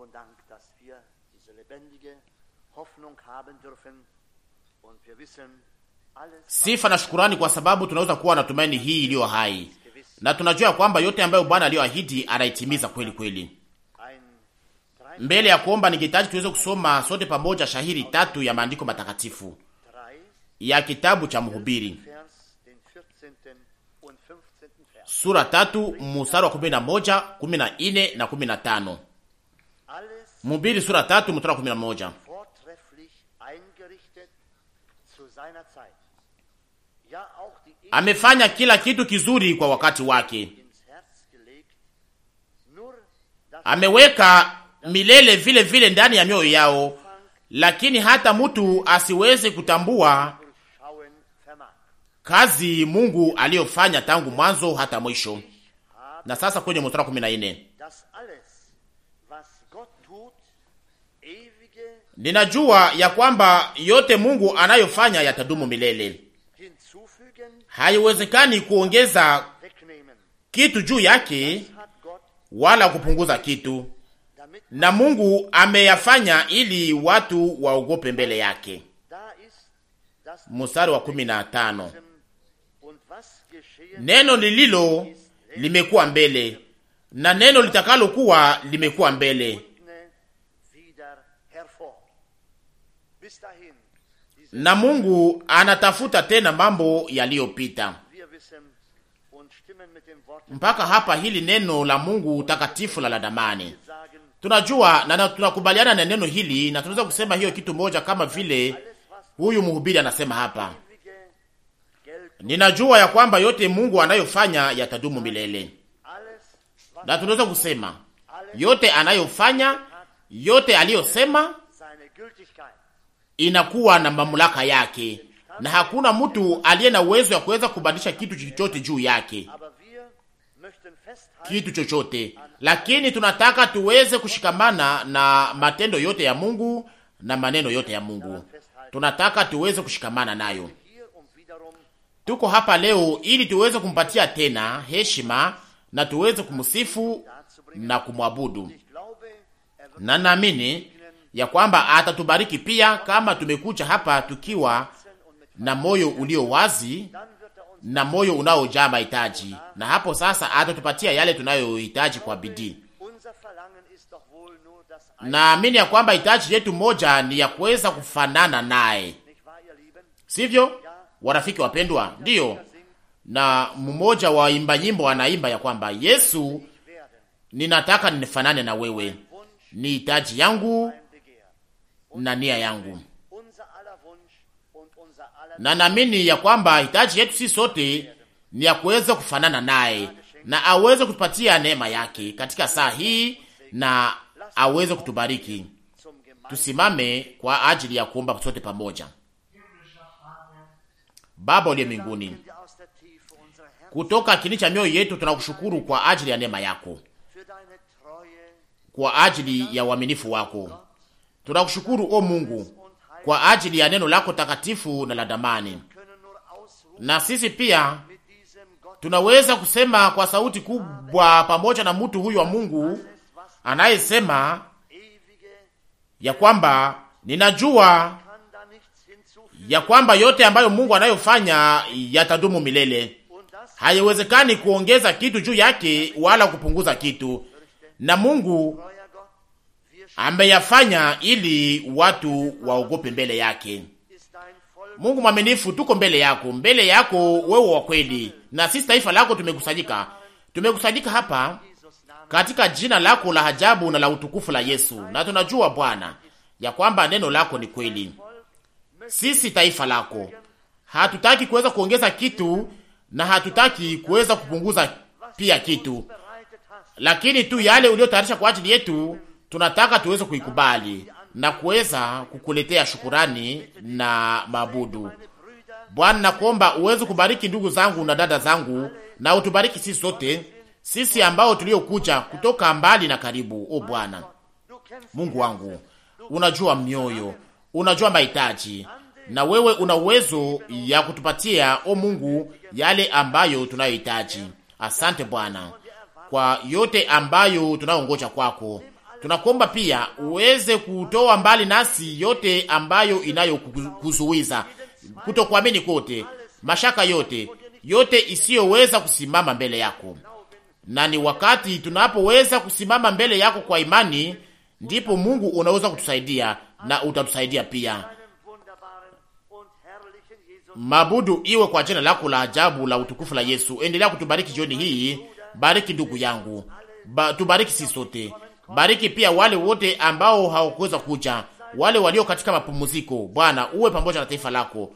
und Dank, dass wir diese lebendige Hoffnung haben dürfen und wir wissen, Sifa na shukurani kwa sababu tunaweza kuwa na tumaini hii iliyo hai na tunajua kwamba yote ambayo Bwana aliyoahidi anaitimiza kweli kweli. Mbele ya kuomba, ningehitaji tuweze kusoma sote pamoja shahiri tatu ya maandiko matakatifu ya kitabu cha Mhubiri sura tatu mstari wa kumi na moja, kumi na nne na kumi na tano. Mhubiri sura tatu mstari wa kumi na moja. Amefanya kila kitu kizuri kwa wakati wake, er ameweka milele vile vile ndani ya mioyo yao, lakini hata mtu asiweze kutambua kazi Mungu aliyofanya tangu mwanzo hata mwisho. Na sasa kwenye mstari wa 14 Ninajua ya kwamba yote Mungu anayofanya yatadumu milele. Haiwezekani kuongeza kitu juu yake wala kupunguza kitu, na Mungu ameyafanya ili watu waogope mbele yake. Mstari wa kumi na tano neno lililo limekuwa mbele na neno litakalokuwa limekuwa mbele na Mungu anatafuta tena mambo yaliyopita. Mpaka hapa hili neno la Mungu takatifu la ladamani, tunajua na tunakubaliana na neno hili, na tunaweza kusema hiyo kitu moja, kama vile huyu mhubiri anasema hapa, ninajua ya kwamba yote Mungu anayofanya yatadumu milele. Na tunaweza kusema yote anayofanya, yote aliyosema, inakuwa na mamlaka yake, na hakuna mtu aliye na uwezo ya kuweza kubadilisha kitu chochote juu yake, kitu chochote. Lakini tunataka tuweze kushikamana na matendo yote ya Mungu na maneno yote ya Mungu, tunataka tuweze kushikamana nayo. Um Tuko hapa leo ili tuweze kumpatia tena heshima na tuweze kumsifu na kumwabudu, er na naamini ya kwamba atatubariki pia kama tumekucha hapa tukiwa na moyo ulio wazi na moyo unaojaa mahitaji, na hapo sasa atatupatia yale tunayohitaji kwa bidii. Naamini ya kwamba hitaji yetu moja ni ya kuweza kufanana naye, sivyo warafiki wapendwa? Ndiyo, na mmoja wa imba nyimbo anaimba ya kwamba Yesu, ninataka nifanane na wewe, ni hitaji yangu na nia yangu, na naamini ya kwamba hitaji yetu si sote ni ya kuweza kufanana naye na aweze kutupatia neema yake katika saa hii na aweze kutubariki. Tusimame kwa ajili ya kuomba sote pamoja. Baba uliye mbinguni, kutoka kini cha mioyo yetu tunakushukuru kwa ajili ya neema yako, kwa ajili ya uaminifu wako, Tunakushukuru o Mungu kwa ajili ya neno lako takatifu na la damani, na sisi pia tunaweza kusema kwa sauti kubwa pamoja na mtu huyu wa Mungu anayesema ya kwamba ninajua ya kwamba yote ambayo Mungu anayofanya yatadumu milele. Haiwezekani kuongeza kitu juu yake wala kupunguza kitu, na Mungu ameyafanya ili watu waogope mbele yake. Mungu mwaminifu, tuko mbele yako, mbele yako wewe wa kweli, na sisi taifa lako tumekusanyika, tumekusanyika hapa katika jina lako la ajabu na la utukufu la Yesu, na tunajua Bwana ya kwamba neno lako ni kweli. Sisi taifa lako, hatutaki kuweza kuongeza kitu na hatutaki kuweza kupunguza pia kitu, lakini tu yale uliyotayarisha kwa ajili yetu tunataka tuweze kuikubali na kuweza kukuletea shukurani na mabudu. Bwana, nakuomba uweze kubariki ndugu zangu na dada zangu, na utubariki sisi sote, sisi ambao tuliokuja kutoka mbali na karibu. O Bwana Mungu wangu, unajua mioyo, unajua mahitaji, na wewe una uwezo ya kutupatia o Mungu yale ambayo tunayohitaji. Asante Bwana kwa yote ambayo tunaongoja kwako Tunakuomba pia uweze kutoa mbali nasi yote ambayo inayokuzuiza, kutokuamini kote, mashaka yote, yote isiyoweza kusimama mbele yako. Na ni wakati tunapoweza kusimama mbele yako kwa imani, ndipo Mungu unaweza kutusaidia na utatusaidia pia. Mabudu iwe kwa jina lako la ajabu la utukufu la Yesu. Endelea kutubariki jioni hii, bariki ndugu yangu ba, tubariki sisi sote Bariki pia wale wote ambao hawakuweza kuja, wale walio katika mapumziko. Bwana, uwe pamoja na taifa lako.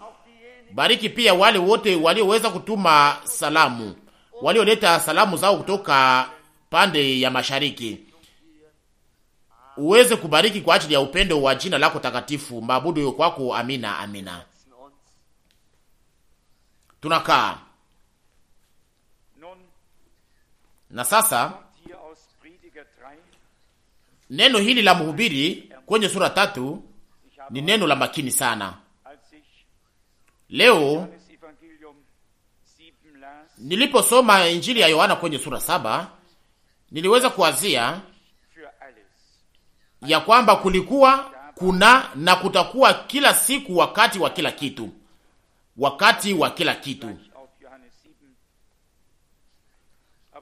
Bariki pia wale wote walioweza kutuma salamu, walioleta salamu zao kutoka pande ya mashariki. Uweze kubariki kwa ajili ya upendo wa jina lako takatifu. Maabudu yo kwako. Amina, amina. Tunakaa na sasa Neno hili la mhubiri kwenye sura tatu ni neno la makini sana. Leo niliposoma injili ya Yohana kwenye sura saba niliweza kuazia ya kwamba kulikuwa kuna na kutakuwa kila siku wakati wa kila kitu, wakati wa kila kitu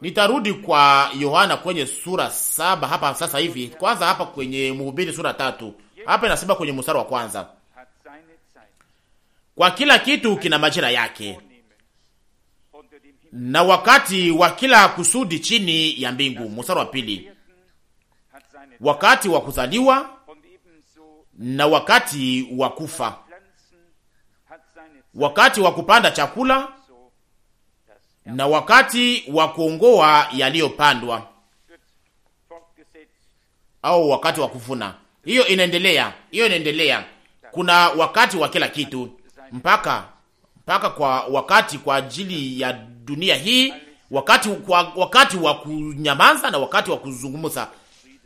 Nitarudi kwa Yohana kwenye sura saba hapa sasa hivi. Kwanza hapa kwenye Mhubiri sura tatu hapa inasema kwenye mstari wa kwanza, kwa kila kitu kina majira yake na wakati wa kila kusudi chini ya mbingu. Mstari wa pili, wakati wa kuzaliwa na wakati wa kufa, wakati wa kupanda chakula na wakati wa kuongoa yaliyopandwa au wakati wa kuvuna. Hiyo inaendelea, hiyo inaendelea. Kuna wakati wa kila kitu, mpaka mpaka kwa wakati kwa ajili ya dunia hii, wakati kwa wakati wa kunyamaza na wakati wa kuzungumza,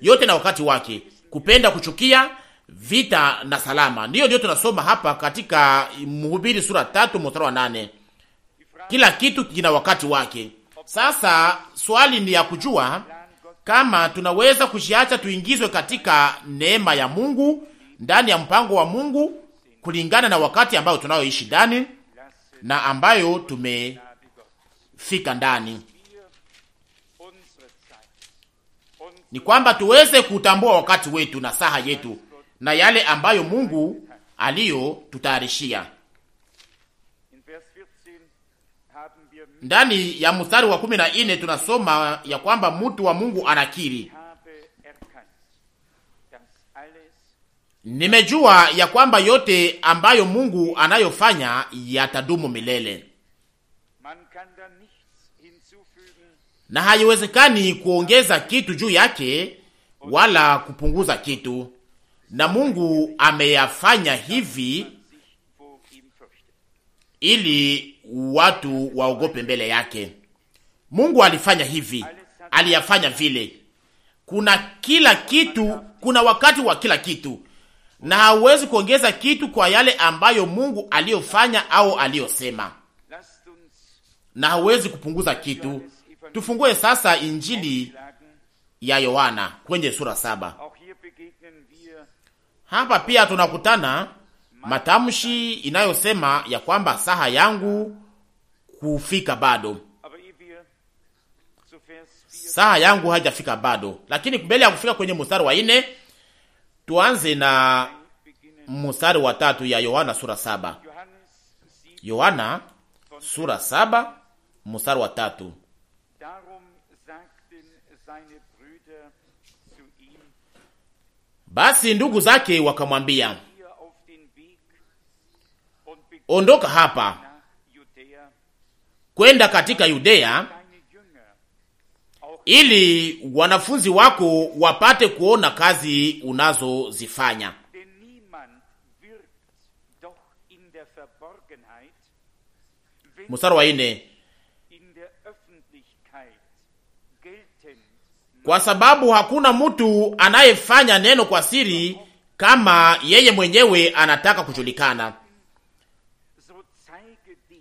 yote na wakati wake, kupenda, kuchukia, vita na salama. Ndiyo, ndio tunasoma hapa katika Mhubiri sura tatu mstari wa nane. Kila kitu kina wakati wake. Sasa swali ni ya kujua kama tunaweza kujiacha tuingizwe katika neema ya Mungu ndani ya mpango wa Mungu kulingana na wakati ambayo tunayoishi ndani na ambayo tumefika ndani, ni kwamba tuweze kutambua wakati wetu na saha yetu na yale ambayo Mungu aliyo tutayarishia. ndani ya mstari wa kumi na nne tunasoma ya kwamba mtu wa Mungu anakiri, nimejua ya kwamba yote ambayo Mungu anayofanya yatadumu milele, na haiwezekani kuongeza kitu juu yake wala kupunguza kitu, na Mungu ameyafanya hivi ili watu waogope mbele yake. Mungu alifanya hivi, aliyafanya vile. Kuna kila kitu, kuna wakati wa kila kitu, na hauwezi kuongeza kitu kwa yale ambayo Mungu aliyofanya au aliyosema, na hauwezi kupunguza kitu. Tufungue sasa Injili ya Yohana kwenye sura saba. Hapa pia tunakutana matamshi inayosema ya kwamba saha yangu kufika bado, saha yangu haijafika bado. Lakini mbele ya kufika kwenye mstari wa nne, tuanze na mstari wa tatu ya Yohana sura saba. Yohana sura saba mstari wa tatu. Basi ndugu zake wakamwambia ondoka hapa kwenda katika Yudea ili wanafunzi wako wapate kuona kazi unazozifanya, mstari wa kwa sababu hakuna mtu anayefanya neno kwa siri kama yeye mwenyewe anataka kujulikana.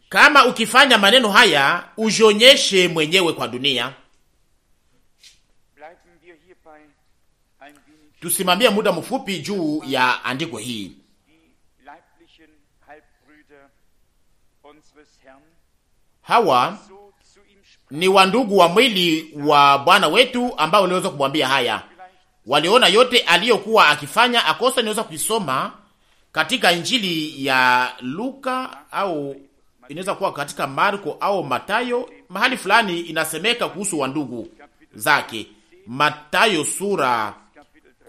Kama ukifanya maneno haya, ujionyeshe mwenyewe kwa dunia. Tusimamie muda mfupi juu ya andiko hii. Hawa ni wandugu wa mwili wa Bwana wetu ambao waliweza kumwambia haya, waliona yote aliyokuwa akifanya. Akosa niweza kuisoma katika Injili ya Luka au inaweza kuwa katika Marko au Matayo, mahali fulani inasemeka kuhusu wandugu zake. Matayo sura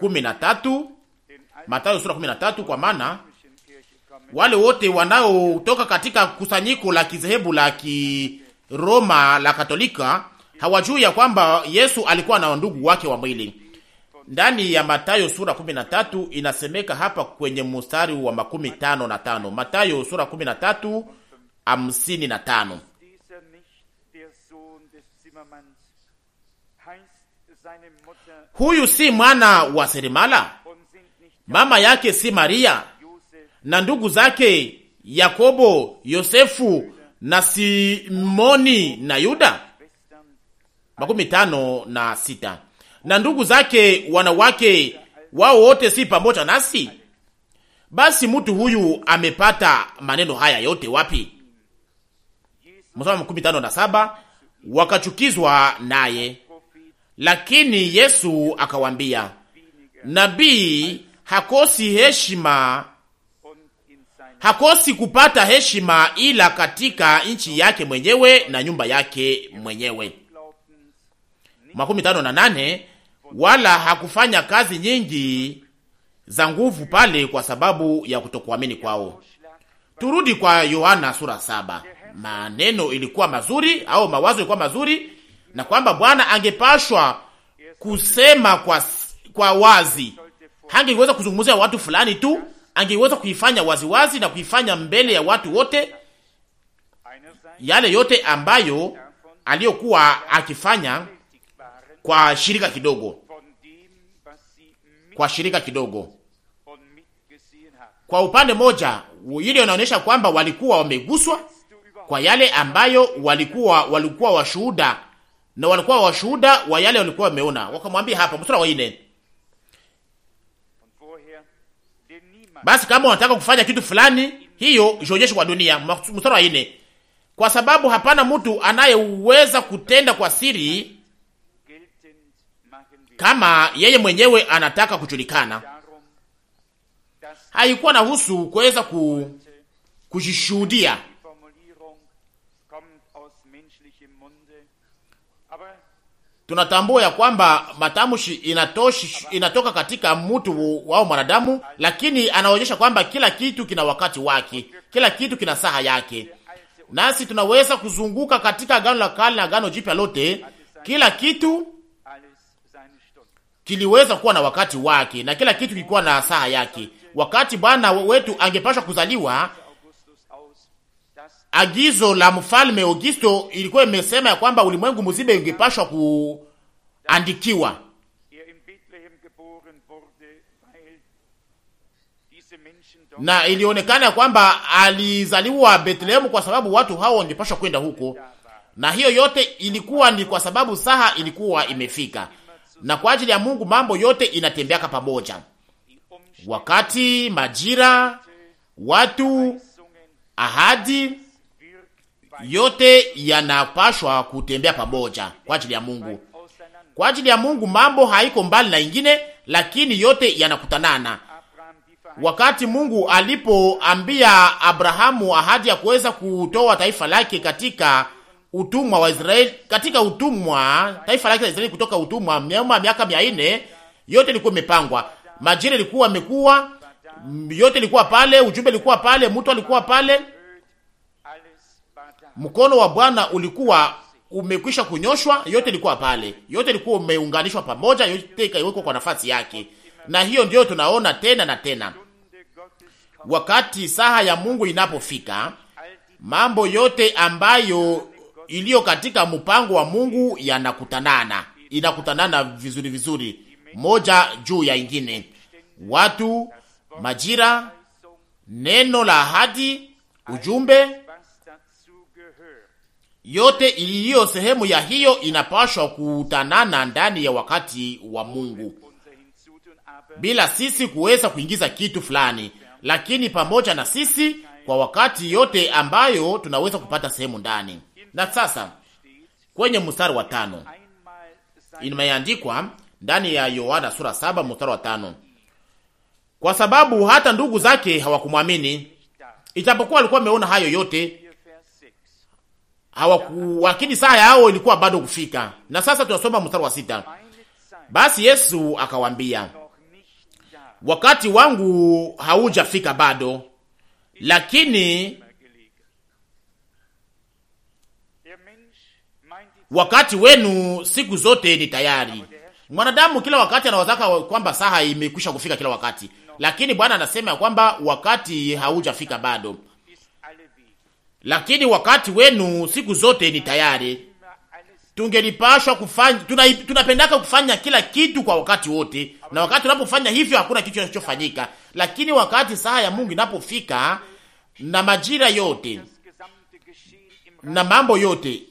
13, Matayo sura 13, kwa maana wale wote wanaotoka katika kusanyiko la kizehebu la Kiroma la Katolika hawajui ya kwamba Yesu alikuwa na wandugu wake wa mwili. Ndani ya Matayo sura 13 inasemeka hapa kwenye mstari wa makumi tano na tano. Matayo sura 13 hamsini na tano. Huyu si mwana wa seremala? Mama yake si Maria na ndugu zake Yakobo, Yosefu na Simoni na Yuda? makumi tano na sita. Na ndugu zake wanawake wao wote si pamoja nasi? Basi mtu huyu amepata maneno haya yote wapi? mstari makumi tano na saba wakachukizwa naye, lakini Yesu akawambia, nabii hakosi heshima, hakosi kupata heshima ila katika nchi yake mwenyewe na nyumba yake mwenyewe. makumi tano na nane wala hakufanya kazi nyingi za nguvu pale kwa sababu ya kutokuamini kwao. Turudi kwa Yohana sura saba maneno ilikuwa mazuri au mawazo ilikuwa mazuri, na kwamba Bwana angepashwa kusema kwa, kwa wazi. Hangeweza kuzungumzia watu fulani tu, angeweza kuifanya waziwazi wazi na kuifanya mbele ya watu wote yale yote ambayo aliyokuwa akifanya kwa shirika kidogo, kwa shirika kidogo. Kwa upande moja, ile inaonyesha kwamba walikuwa wameguswa kwa yale ambayo walikuwa walikuwa washuhuda na walikuwa washuhuda wa yale walikuwa wameona. Wakamwambia hapa mstari wa nne, basi kama wanataka kufanya kitu fulani, hiyo jionyeshe kwa dunia. Mstari wa nne, kwa sababu hapana mtu anayeweza kutenda kwa siri kama yeye mwenyewe anataka kujulikana. Haikuwa na husu kuweza ku kujishuhudia tunatambua ya kwamba matamshi inatoshi, inatoka katika mtu wao mwanadamu, lakini anaonyesha kwamba kila kitu kina wakati wake, kila kitu kina saha yake. Nasi tunaweza kuzunguka katika Agano la Kale na Agano Jipya lote, kila kitu kiliweza kuwa na wakati wake na kila kitu kilikuwa na saha yake. Wakati Bwana wetu angepashwa kuzaliwa agizo la mfalme Augusto ilikuwa imesema ya kwamba ulimwengu mzima ungepashwa kuandikiwa. Na ilionekana ya kwamba alizaliwa Bethlehemu kwa sababu watu hao wangepashwa kwenda huko, na hiyo yote ilikuwa ni kwa sababu saha ilikuwa imefika, na kwa ajili ya Mungu mambo yote inatembeaka pamoja, wakati, majira, watu, ahadi yote yanapashwa kutembea pamoja kwa ajili ya Mungu. Kwa ajili ya Mungu mambo haiko mbali na ingine, lakini yote yanakutanana. Wakati Mungu alipoambia Abrahamu ahadi ya kuweza kutoa taifa lake katika utumwa wa Israeli, katika utumwa taifa lake la Israeli kutoka utumwa mema miaka mia nne, yote ilikuwa imepangwa, majira ilikuwa imekuwa, yote ilikuwa pale, ujumbe ilikuwa pale, mtu alikuwa pale mkono wa Bwana ulikuwa umekwisha kunyoshwa, yote ilikuwa pale, yote ilikuwa umeunganishwa pamoja, yote ikawekwa kwa nafasi yake, na hiyo ndiyo tunaona tena na tena. Wakati saha ya Mungu inapofika, mambo yote ambayo iliyo katika mpango wa Mungu yanakutanana, inakutanana vizuri vizuri, moja juu ya ingine, watu, majira, neno la ahadi, ujumbe yote iliyo sehemu ya hiyo inapashwa kutanana ndani ya wakati wa Mungu bila sisi kuweza kuingiza kitu fulani, lakini pamoja na sisi kwa wakati yote ambayo tunaweza kupata sehemu ndani. Na sasa kwenye mstari wa tano imeandikwa ndani ya Yohana sura saba mstari wa tano kwa sababu hata ndugu zake hawakumwamini, ijapokuwa alikuwa ameona hayo yote hawakuakidi saa yao ilikuwa bado kufika. Na sasa tunasoma mstari wa sita. Basi Yesu akawambia, wakati wangu haujafika bado, lakini wakati wenu siku zote ni tayari. Mwanadamu kila wakati anawazaka kwamba saa imekwisha kufika kila wakati, lakini Bwana anasema ya kwamba wakati haujafika bado lakini wakati wenu siku zote ni tayari. Tungelipashwa kufanya tuna, tunapendaka kufanya kila kitu kwa wakati wote, na wakati unapofanya hivyo hakuna kitu kinachofanyika, lakini wakati saa ya Mungu inapofika na majira yote na mambo yote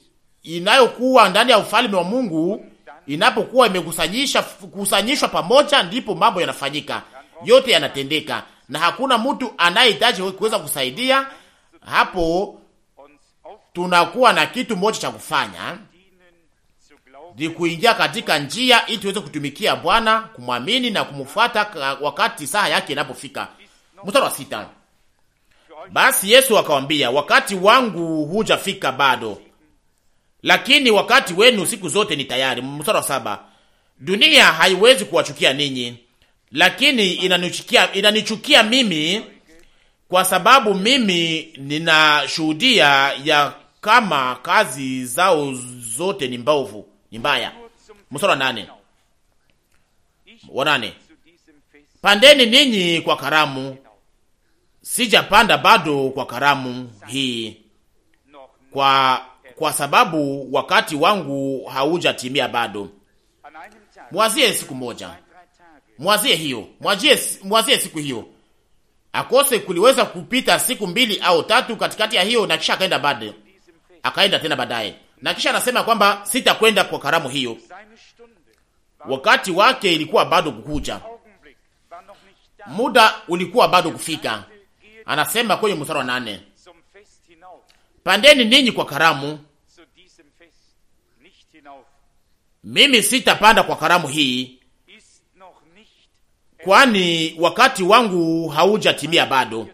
inayokuwa ndani ya ufalme wa Mungu inapokuwa imekusanyisha kusanyishwa pamoja, ndipo mambo yanafanyika, yote yanatendeka, na hakuna mtu anayehitaji kuweza kusaidia hapo tunakuwa na kitu moja cha kufanya, ni kuingia katika njia ili tuweze kutumikia Bwana, kumwamini na kumfuata wakati saa yake inapofika. Mstari wa sita, basi Yesu akawambia, wakati wangu hujafika bado, lakini wakati wenu siku zote ni tayari. Mstari wa saba, dunia haiwezi kuwachukia ninyi, lakini inanichukia, inanichukia mimi kwa sababu mimi ninashuhudia ya kama kazi zao zote ni mbovu, ni mbaya. Mstari wa nane wa nane: pandeni ninyi kwa karamu, sijapanda bado kwa karamu hii, kwa kwa sababu wakati wangu haujatimia bado. Mwazie siku moja, mwazie hiyo, mwazie, mwazie siku hiyo akose kuliweza kupita siku mbili au tatu katikati ya hiyo, na kisha akaenda baadaye, akaenda tena baadaye, na kisha anasema kwamba sitakwenda kwa karamu hiyo. Wakati wake ilikuwa bado kukuja, muda ulikuwa bado kufika. Anasema kwenye mstari wa nane, pandeni ninyi kwa karamu, mimi sitapanda kwa karamu hii kwani wakati wangu haujatimia bado.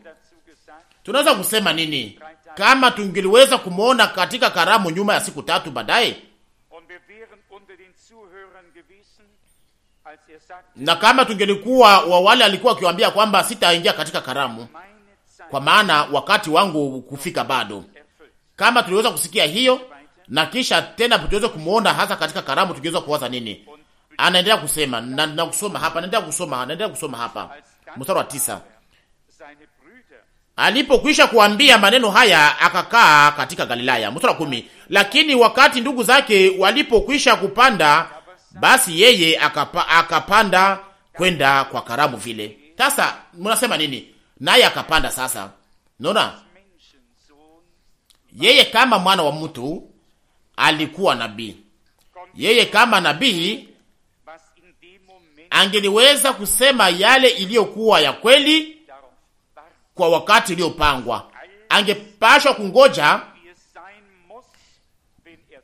Tunaweza kusema nini kama tungeliweza kumwona katika karamu nyuma ya siku tatu baadaye, na kama tungelikuwa wa wale alikuwa akiwaambia kwamba sitaingia katika karamu kwa maana wakati wangu kufika bado, kama tuliweza kusikia hiyo na kisha tena tuweze kumwona hasa katika karamu, tungeweza kuwaza nini? anaendelea kusema na, nakusoma kusoma hapa, naendelea kusoma, naendelea kusoma hapa, mstari wa tisa. Alipokwisha kuambia maneno haya akakaa katika Galilaya. Mstari wa kumi. Lakini wakati ndugu zake walipokwisha kupanda, basi yeye akapa, akapanda kwenda kwa karamu vile. Sasa mnasema nini? Naye akapanda sasa. naona Yeye kama mwana wa mtu alikuwa nabii. Yeye kama nabii angeliweza kusema yale iliyokuwa ya kweli kwa wakati uliopangwa. Angepashwa kungoja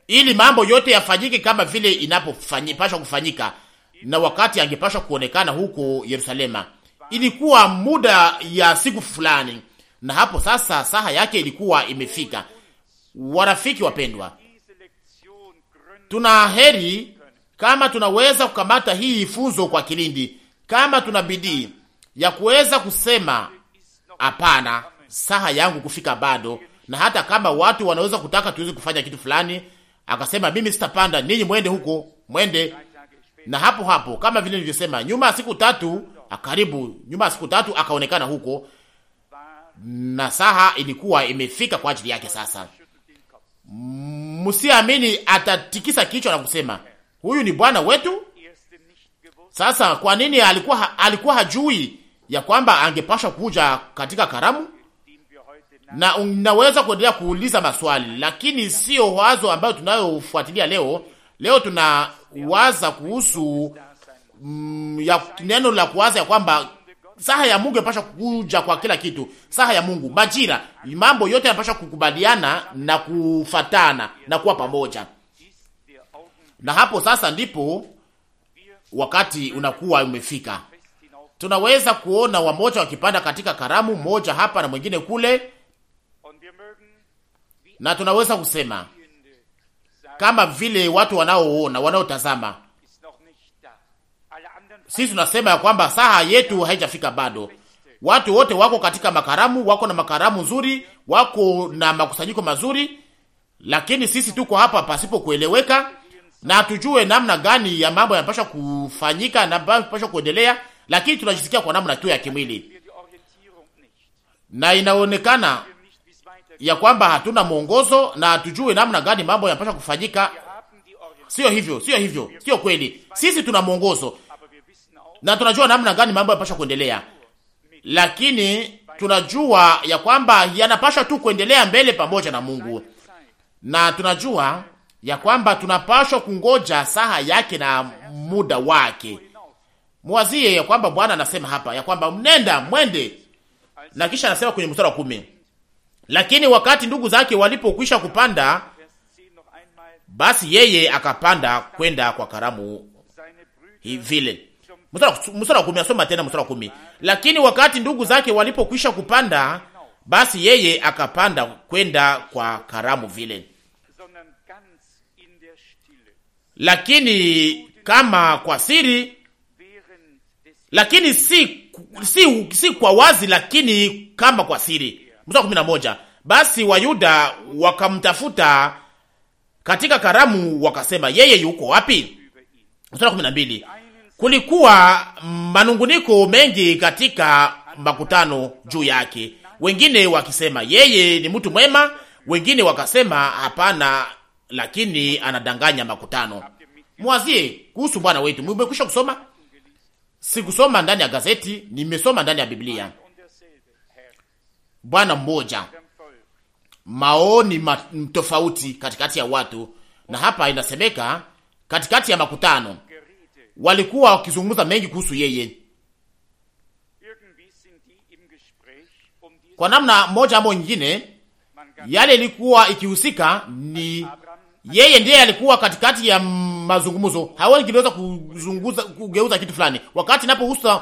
ili mambo yote yafanyike kama vile inapopashwa kufanyika, na wakati angepashwa kuonekana huko Yerusalema ilikuwa muda ya siku fulani, na hapo sasa saha yake ilikuwa imefika. Warafiki wapendwa, tuna heri kama tunaweza kukamata hii funzo kwa kilindi, kama tuna bidii ya kuweza kusema hapana, saha yangu kufika bado, na hata kama watu wanaweza kutaka tuweze kufanya kitu fulani, akasema mimi sitapanda, ninyi mwende huko, mwende na hapo hapo, kama vile nilivyosema, nyuma ya siku tatu akaribu, nyuma ya siku tatu akaonekana huko, na saha ilikuwa imefika kwa ajili yake. Sasa msiamini atatikisa kichwa na kusema huyu ni Bwana wetu. Sasa kwa nini alikuwa, alikuwa hajui ya kwamba angepasha kuja katika karamu? Na unaweza kuendelea kuuliza maswali, lakini sio wazo ambayo tunayofuatilia leo. Leo tunawaza kuhusu mm, ya neno la kuwaza ya kwamba saha ya Mungu inapasha kuja kwa kila kitu. Saha ya Mungu, majira, mambo yote yanapasha kukubaliana na kufatana na kuwa pamoja na hapo sasa ndipo wakati unakuwa umefika. Tunaweza kuona wamoja wakipanda katika karamu moja hapa na mwingine kule, na tunaweza kusema kama vile watu wanaoona wanaotazama, sisi tunasema ya kwamba saha yetu haijafika bado. Watu wote wako katika makaramu, wako na makaramu nzuri, wako na makusanyiko mazuri, lakini sisi tuko hapa pasipo kueleweka na tujue namna gani ya mambo yanapaswa kufanyika na mambo yanapaswa kuendelea, lakini tunajisikia kwa namna tu ya kimwili, na inaonekana ya kwamba hatuna mwongozo na tujue namna gani mambo yanapaswa kufanyika. Sio hivyo, sio hivyo, sio kweli. Sisi tuna mwongozo na tunajua namna gani mambo yanapaswa kuendelea, lakini tunajua ya kwamba yanapaswa tu kuendelea mbele pamoja na Mungu, na tunajua ya kwamba tunapashwa kungoja saha yake na muda wake. Mwazie ya kwamba Bwana anasema hapa ya kwamba mnenda mwende, na kisha anasema kwenye mstari wa kumi, lakini wakati ndugu zake walipokwisha kupanda, basi yeye akapanda kwenda kwa karamu vile. Mstari wa kumi, asoma tena mstari wa kumi, lakini wakati ndugu zake walipokwisha kupanda, basi yeye akapanda kwenda kwa karamu vile lakini kama kwa siri, lakini si, si, si kwa wazi, lakini kama kwa siri. Mstari kumi na moja, basi Wayuda wakamtafuta katika karamu, wakasema yeye yuko wapi? Mstari kumi na mbili, kulikuwa manunguniko mengi katika makutano juu yake, wengine wakisema yeye ni mtu mwema, wengine wakasema hapana lakini anadanganya makutano. Mwazie kuhusu Bwana wetu. Mmekwisha kusoma? Sikusoma ndani ya gazeti, nimesoma ndani ya Biblia. Bwana mmoja, maoni tofauti katikati ya watu, na hapa inasemeka katikati ya makutano walikuwa wakizungumza mengi kuhusu yeye kwa namna moja ama nyingine. Yale ilikuwa ikihusika ni yeye ndiye alikuwa katikati ya mazungumzo. Haoni kiliweza kuzunguza kugeuza kitu fulani, wakati napohusa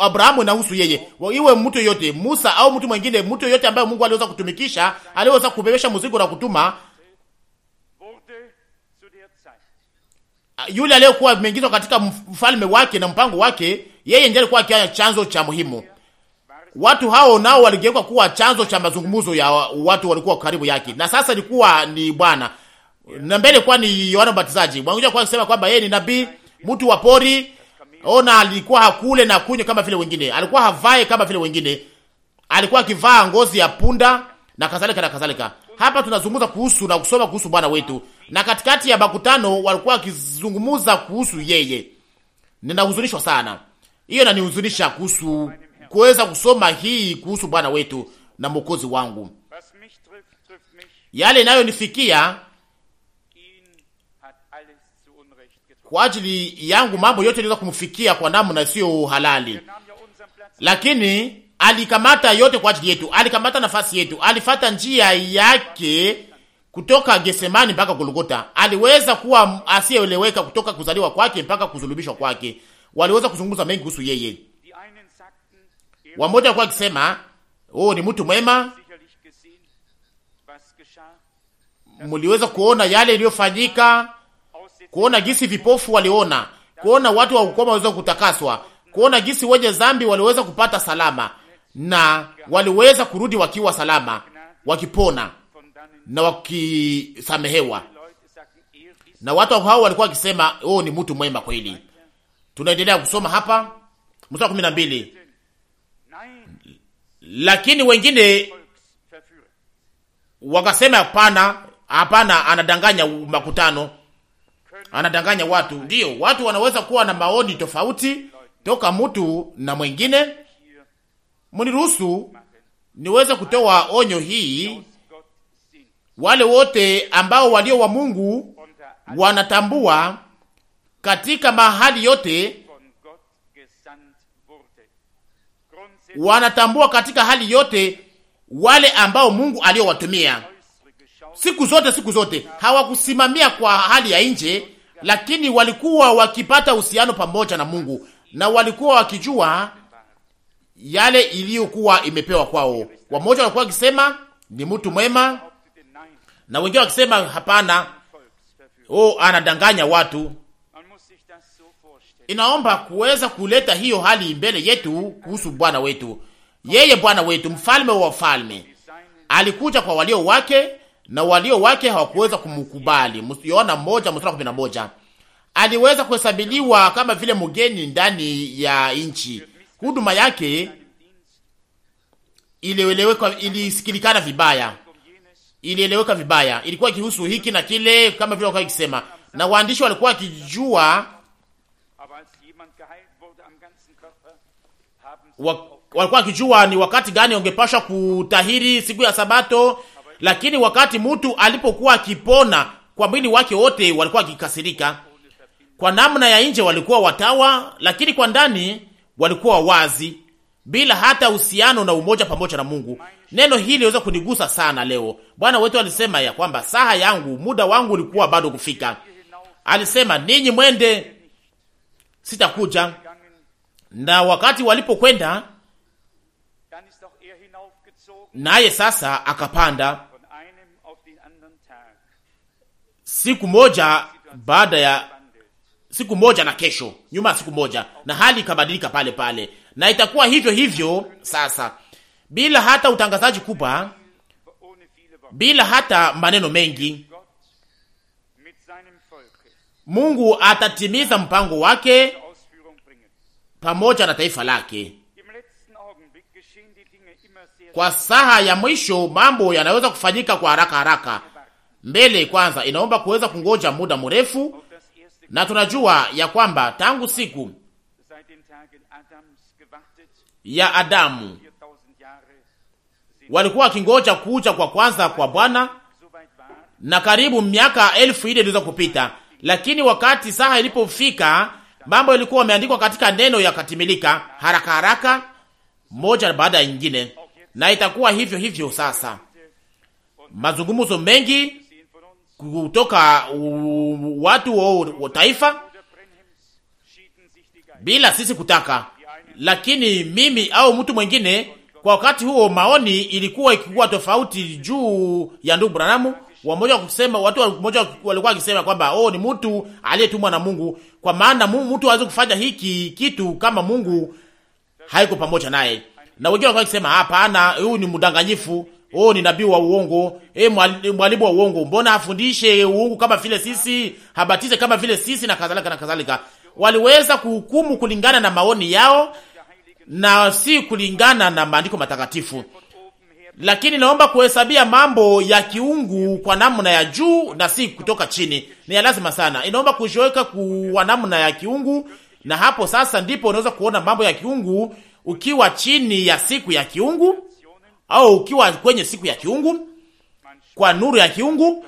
Abrahamu nahusu yeye, iwe mtu yote, Musa au mtu mwingine, mtu yote ambaye Mungu aliweza kutumikisha, aliweza kubebesha mzigo na kutuma yule aliyekuwa ameingizwa katika mfalme wake na mpango wake, yeye ndiye alikuwa akiwa chanzo cha muhimu. Watu hao nao waligeuka kuwa chanzo cha mazungumzo ya watu walikuwa karibu yake, na sasa ilikuwa ni Bwana na mbele kwa ni Yohana Mbatizaji mwangoja kwa kusema kwamba yeye ni nabii, mtu wa pori. Ona, alikuwa hakule na kunywa kama vile wengine, alikuwa havae kama vile wengine, alikuwa akivaa ngozi ya punda na kadhalika na kadhalika. Hapa tunazungumza kuhusu na kusoma kuhusu Bwana wetu, na katikati ya makutano walikuwa wakizungumza kuhusu yeye. Ninahuzunishwa sana, hiyo inanihuzunisha kuhusu kuweza kusoma hii kuhusu Bwana wetu na Mwokozi wangu. Yale inayonifikia kwa ajili yangu mambo yote iliweza kumfikia kwa namna sio halali, lakini alikamata yote kwa ajili yetu, alikamata nafasi yetu, alifata njia yake kutoka Gesemani mpaka Golgota. Aliweza kuwa asiyeeleweka kutoka kuzaliwa kwake mpaka kuzulubishwa kwake. Waliweza kuzungumza mengi kuhusu yeye. Wamoja kwa wakisema, oh, ni mtu mwema. Mliweza kuona yale iliyofanyika kuona jinsi vipofu waliona, kuona watu wa ukoma waweza kutakaswa, kuona jinsi wenye zambi waliweza kupata salama na waliweza kurudi wakiwa salama, wakipona na wakisamehewa. Na watu hao walikuwa wakisema, oh, ni mtu mwema kweli. Tunaendelea kusoma hapa mstari kumi na mbili. Lakini wengine wakasema hapana, hapana, anadanganya makutano anadanganya watu. Ndiyo, watu wanaweza kuwa na maoni tofauti toka mtu na mwengine. Mniruhusu niweze kutoa onyo hii, wale wote ambao walio wa Mungu wanatambua katika mahali yote wanatambua katika hali yote wale ambao Mungu aliowatumia siku zote, siku zote hawakusimamia kwa hali ya nje, lakini walikuwa wakipata uhusiano pamoja na Mungu na walikuwa wakijua yale iliyokuwa imepewa kwao. Wamoja walikuwa wakisema ni mtu mwema, na wengine wakisema hapana, oh, anadanganya watu. Inaomba kuweza kuleta hiyo hali mbele yetu kuhusu Bwana wetu. Yeye Bwana wetu, mfalme wa wafalme, alikuja kwa walio wake na walio wake hawakuweza kumkubali. Yohana moja mstari kumi na moja. Aliweza kuhesabiliwa kama vile mgeni ndani ya nchi. Huduma yake ilielewekwa, ilisikilikana vibaya, ilieleweka vibaya, ilikuwa ikihusu hiki na kile, kama vile walikuwa ikisema, na waandishi walikuwa wakijua walikuwa wakijua ni wakati gani wangepashwa kutahiri siku ya Sabato lakini wakati mtu alipokuwa akipona kwa mwili wake wote walikuwa wakikasirika. Kwa namna ya nje walikuwa watawa, lakini kwa ndani walikuwa wazi bila hata uhusiano na umoja pamoja na Mungu. Neno hili liweza kunigusa sana leo. Bwana wetu alisema ya kwamba saha yangu, muda wangu ulikuwa bado kufika. Alisema ninyi mwende, sitakuja. Na wakati walipokwenda naye sasa akapanda siku moja baada ya siku moja na kesho nyuma ya siku moja, na hali ikabadilika pale pale, na itakuwa hivyo hivyo sasa, bila hata utangazaji kubwa, bila hata maneno mengi. Mungu atatimiza mpango wake pamoja na taifa lake kwa saha ya mwisho mambo yanaweza kufanyika kwa haraka haraka. Mbele kwanza inaomba kuweza kungoja muda mrefu, na tunajua ya kwamba tangu siku ya Adamu walikuwa wakingoja kuja kwa kwanza kwa Bwana, na karibu miaka elfu ile iliweza kupita, lakini wakati saha ilipofika mambo yalikuwa yameandikwa katika neno yakatimilika haraka haraka, moja baada ya nyingine na itakuwa hivyo hivyo. Sasa mazungumzo mengi kutoka watu wa taifa bila sisi kutaka, lakini mimi au mtu mwingine kwa wakati huo maoni ilikuwa ikikuwa tofauti juu ya ndugu Branamu. Wamoja kusema watu wamoja walikuwa wakisema kwamba oh, ni mtu aliyetumwa na Mungu, kwa maana mtu hawezi kufanya hiki kitu kama Mungu haiko pamoja naye na wengine wakawa wakisema hapana, huyu ni mdanganyifu, oh, ni nabii wa uongo, eh, mwalimu wa uongo, mbona afundishe uongo kama vile sisi, habatize kama vile sisi, na kadhalika na kadhalika. Waliweza kuhukumu kulingana na maoni yao na si kulingana na maandiko matakatifu. Lakini naomba kuhesabia mambo ya kiungu kwa namna ya juu na si kutoka chini. Ni ya lazima sana. Inaomba kujiweka kwa namna ya kiungu na hapo sasa ndipo unaweza kuona mambo ya kiungu ukiwa chini ya siku ya kiungu au ukiwa kwenye siku ya kiungu kwa nuru ya kiungu,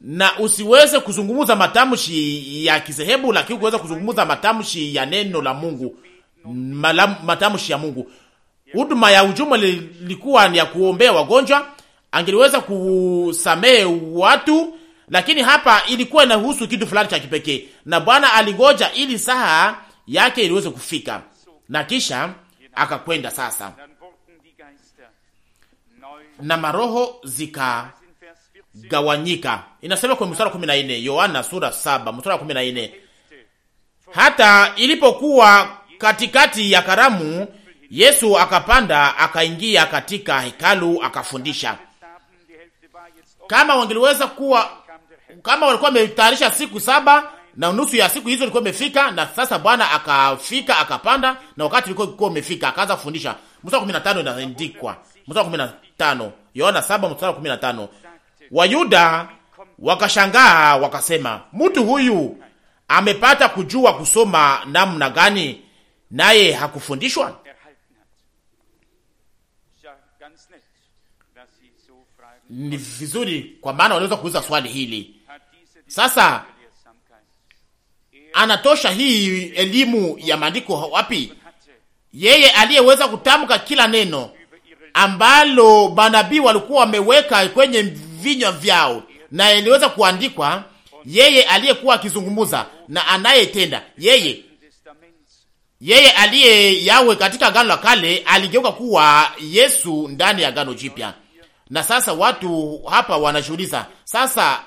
na usiweze kuzungumza matamshi ya kizehebu, lakini uweze kuzungumza matamshi ya neno la Mungu, matamshi ya Mungu. Huduma ya ujumbe lilikuwa ni ya kuombea wagonjwa, angeliweza kusamehe watu, lakini hapa ilikuwa inahusu kitu fulani cha kipekee, na Bwana aligoja ili saha yake iliweze kufika na kisha akakwenda sasa, na maroho zikagawanyika. Inasema kwenye mstari wa kumi na nne Yohana sura saba mstari wa kumi na nne hata ilipokuwa katikati ya karamu, Yesu akapanda akaingia katika hekalu akafundisha. Kama wangeliweza kuwa kama walikuwa wametayarisha siku saba na nusu ya siku hizo ilikuwa imefika, na sasa Bwana akafika akapanda, na wakati ilikuwa ilikuwa imefika akaanza kufundisha. Mstari 15 inaandikwa, mstari 15, Yohana 7 mstari 15, Wayuda wakashangaa wakasema, mtu huyu amepata kujua kusoma namna gani, naye hakufundishwa? Ni vizuri, kwa maana waliweza kuuliza swali hili sasa anatosha hii elimu ya maandiko wapi? Yeye aliyeweza kutamka kila neno ambalo manabii walikuwa wameweka kwenye vinywa vyao na iliweza kuandikwa, yeye aliyekuwa akizungumza na anayetenda, yeye yeye aliye yawe katika agano la kale aligeuka kuwa Yesu ndani ya agano jipya. Na sasa watu hapa wanajiuliza sasa,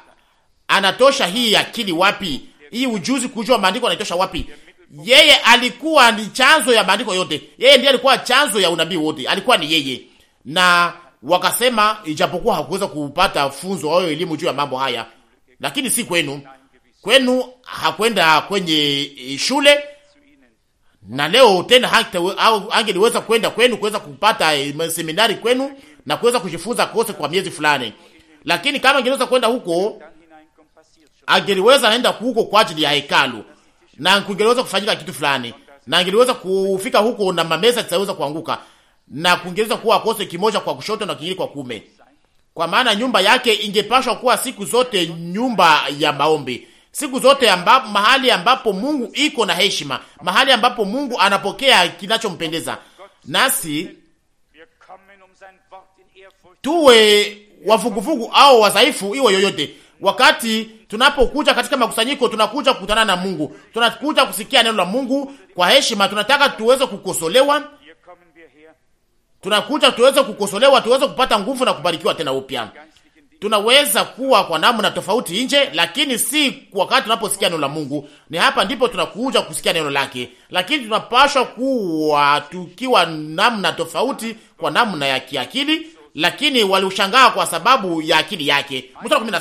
anatosha hii akili wapi? hii ujuzi kujua maandiko anaitosha wapi? Yeye alikuwa ni chanzo ya maandiko yote, yeye ndiye alikuwa chanzo ya unabii wote, alikuwa ni yeye. Na wakasema ijapokuwa hakuweza kupata funzo au elimu juu ya mambo haya, lakini si kwenu, kwenu hakwenda kwenye e, shule na leo tena hata au angeliweza kwenda kwenu kuweza kupata e, seminari kwenu na kuweza kujifunza kose kwa miezi fulani, lakini kama angeweza kwenda huko angeliweza naenda huko kwa ajili ya hekalu na kungeliweza kufanyika kitu fulani, na angeliweza kufika huko na mameza zitaweza kuanguka na kungeweza kuwa akose kimoja kwa kushoto na kingine kwa kume, kwa maana nyumba yake ingepashwa kuwa siku zote nyumba ya maombi, siku zote ambapo, mahali ambapo Mungu iko na heshima, mahali ambapo Mungu anapokea kinachompendeza. Nasi tuwe wavuguvugu au wadhaifu, iwe yoyote wakati Tunapokuja katika makusanyiko, tunakuja kukutana na Mungu, tunakuja kusikia neno la Mungu kwa heshima. Tunataka tuweze kukosolewa, tunakuja tuweze kukosolewa, tuweze kupata nguvu na kubarikiwa tena upya. Tunaweza kuwa kwa namna tofauti nje, lakini si wakati tunaposikia neno la Mungu. Ni hapa ndipo tunakuja kusikia neno lake, lakini tunapashwa kuwa tukiwa namna tofauti, kwa namna ya kiakili, lakini waliushangaa kwa sababu ya akili yake. Mstari wa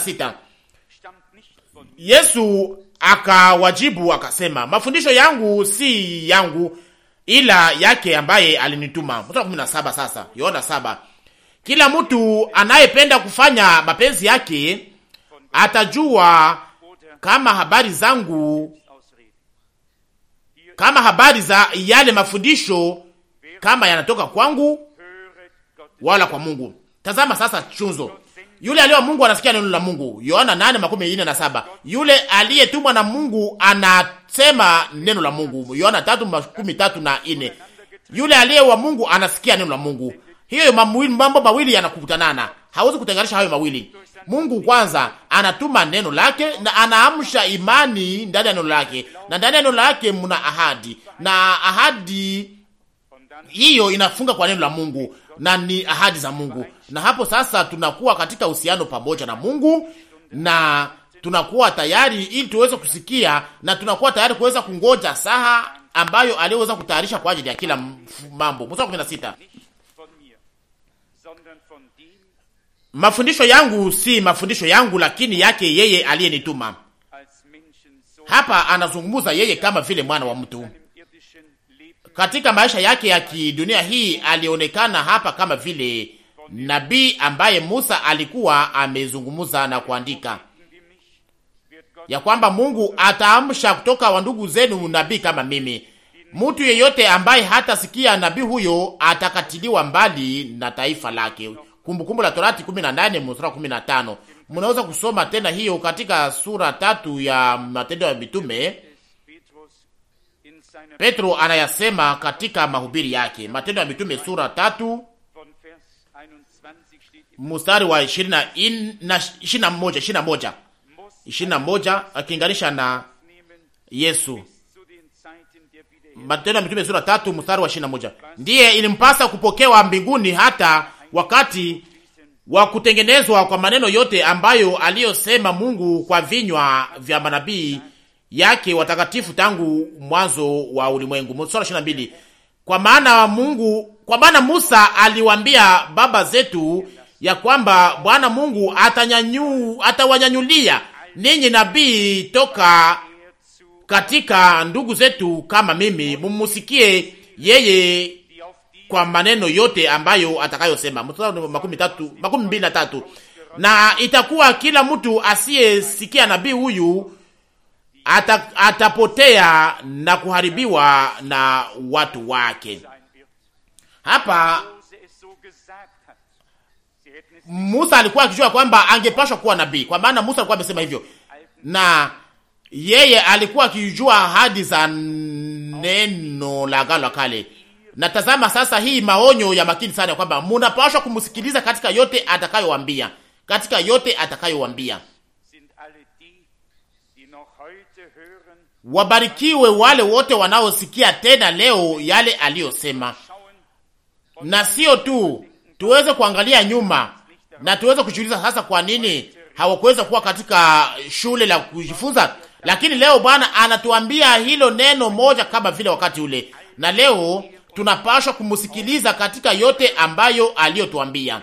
Yesu akawajibu akasema, mafundisho yangu si yangu ila yake ambaye alinituma. Mstari kumi na saba sasa, Yohana saba. Kila mtu anayependa kufanya mapenzi yake atajua kama habari zangu, kama habari za yale mafundisho, kama yanatoka kwangu wala kwa Mungu. Tazama sasa chunzo yule aliye wa Mungu anasikia neno la Mungu. Yohana 8:47. Yule aliyetumwa na Mungu anasema neno la Mungu. Yohana 3:13 na 4. Yule aliye wa Mungu anasikia neno la Mungu. Hiyo mambo mawili yanakutanana, Hawezi kutenganisha hayo mawili. Mungu kwanza anatuma neno lake na anaamsha imani ndani ya neno lake, na ndani ya neno lake mna ahadi, na ahadi hiyo inafunga kwa neno la Mungu na ni ahadi za Mungu. Na hapo sasa tunakuwa katika uhusiano pamoja na Mungu na tunakuwa tayari ili tuweze kusikia na tunakuwa tayari kuweza kungoja saha ambayo aliweza kutayarisha kwa ajili ya kila mambo. Mstari 16. Mafundisho yangu si mafundisho yangu, lakini yake yeye aliyenituma. Hapa anazungumza yeye kama vile mwana wa mtu katika maisha yake ya kidunia hii alionekana hapa kama vile nabii ambaye Musa alikuwa amezungumza na kuandika ya kwamba Mungu ataamsha kutoka wa ndugu zenu nabii kama mimi. Mtu yeyote ambaye hatasikia nabii huyo atakatiliwa mbali na taifa lake. Kumbukumbu la Torati 18 mstari 15. Mnaweza kusoma tena hiyo katika sura tatu ya Matendo ya Mitume Petro anayasema katika mahubiri yake, Matendo ya Mitume sura tatu mstari wa ishirini na in, moja ishirini na moja ishirini na moja akiinganisha na Yesu. Matendo ya Mitume sura tatu mstari wa ishirini na moja ndiye ilimpasa kupokewa mbinguni hata wakati wa kutengenezwa kwa maneno yote ambayo aliyosema Mungu kwa vinywa vya manabii yake watakatifu tangu mwanzo wa ulimwengu. Sura 22, kwa maana Mungu, kwa maana Musa aliwaambia baba zetu ya kwamba Bwana Mungu atanyanyu atawanyanyulia ninyi nabii toka katika ndugu zetu kama mimi, mumusikie yeye kwa maneno yote ambayo atakayosema. makumi tatu, makumi mbili na tatu. Na itakuwa kila mtu asiyesikia nabii huyu ata, atapotea na kuharibiwa na watu wake. Hapa Musa alikuwa akijua kwamba angepashwa kuwa nabii, kwa maana Musa alikuwa amesema hivyo, na yeye alikuwa akijua ahadi za neno la Agano la Kale. Na tazama sasa, hii maonyo ya makini sana kwamba munapashwa kumsikiliza katika yote atakayowambia, katika yote atakayowambia. Wabarikiwe wale wote wanaosikia tena leo yale aliyosema, na sio tu tuweze kuangalia nyuma na tuweze kujiuliza sasa, kwa nini hawakuweza kuwa katika shule la kujifunza. Lakini leo Bwana anatuambia hilo neno moja kama vile wakati ule, na leo tunapashwa kumsikiliza katika yote ambayo aliyotuambia,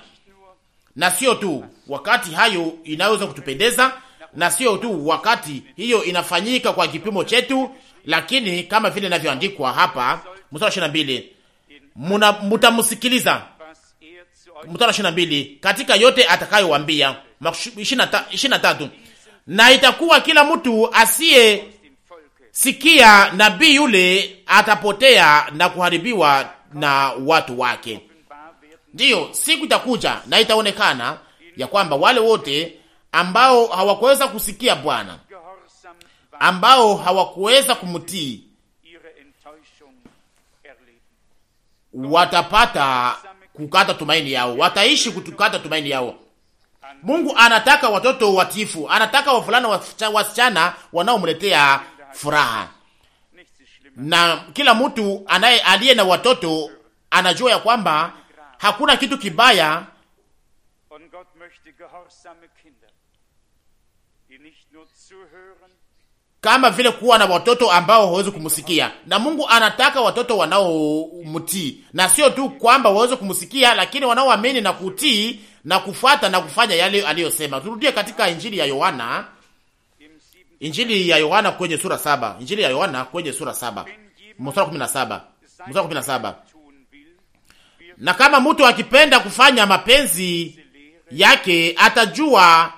na sio tu wakati hayo inayoweza kutupendeza na sio tu wakati hiyo inafanyika kwa kipimo chetu, lakini kama vile inavyoandikwa hapa mstari 22, muna mtamsikiliza. Mstari 22, katika yote atakayowaambia. 23, na itakuwa kila mtu asiye sikia nabii yule atapotea na kuharibiwa na watu wake. Ndiyo siku itakuja na itaonekana ya kwamba wale wote ambao hawakuweza kusikia Bwana, ambao hawakuweza kumtii, watapata kukata tumaini yao, wataishi kutukata tumaini yao. Mungu anataka watoto watifu, anataka wavulana wasichana wanaomletea furaha, na kila mtu anaye aliye na watoto anajua ya kwamba hakuna kitu kibaya kama vile kuwa na watoto ambao hawezi kumsikia, na Mungu anataka watoto wanaomtii, na sio tu kwamba waweze kumsikia, lakini wanaoamini na kutii na kufuata na kufanya yale aliyosema. Turudie katika Injili ya Yohana, Injili ya Yohana kwenye sura saba, Injili ya Yohana kwenye sura saba mstari saba mstari saba Na kama mtu akipenda kufanya mapenzi yake atajua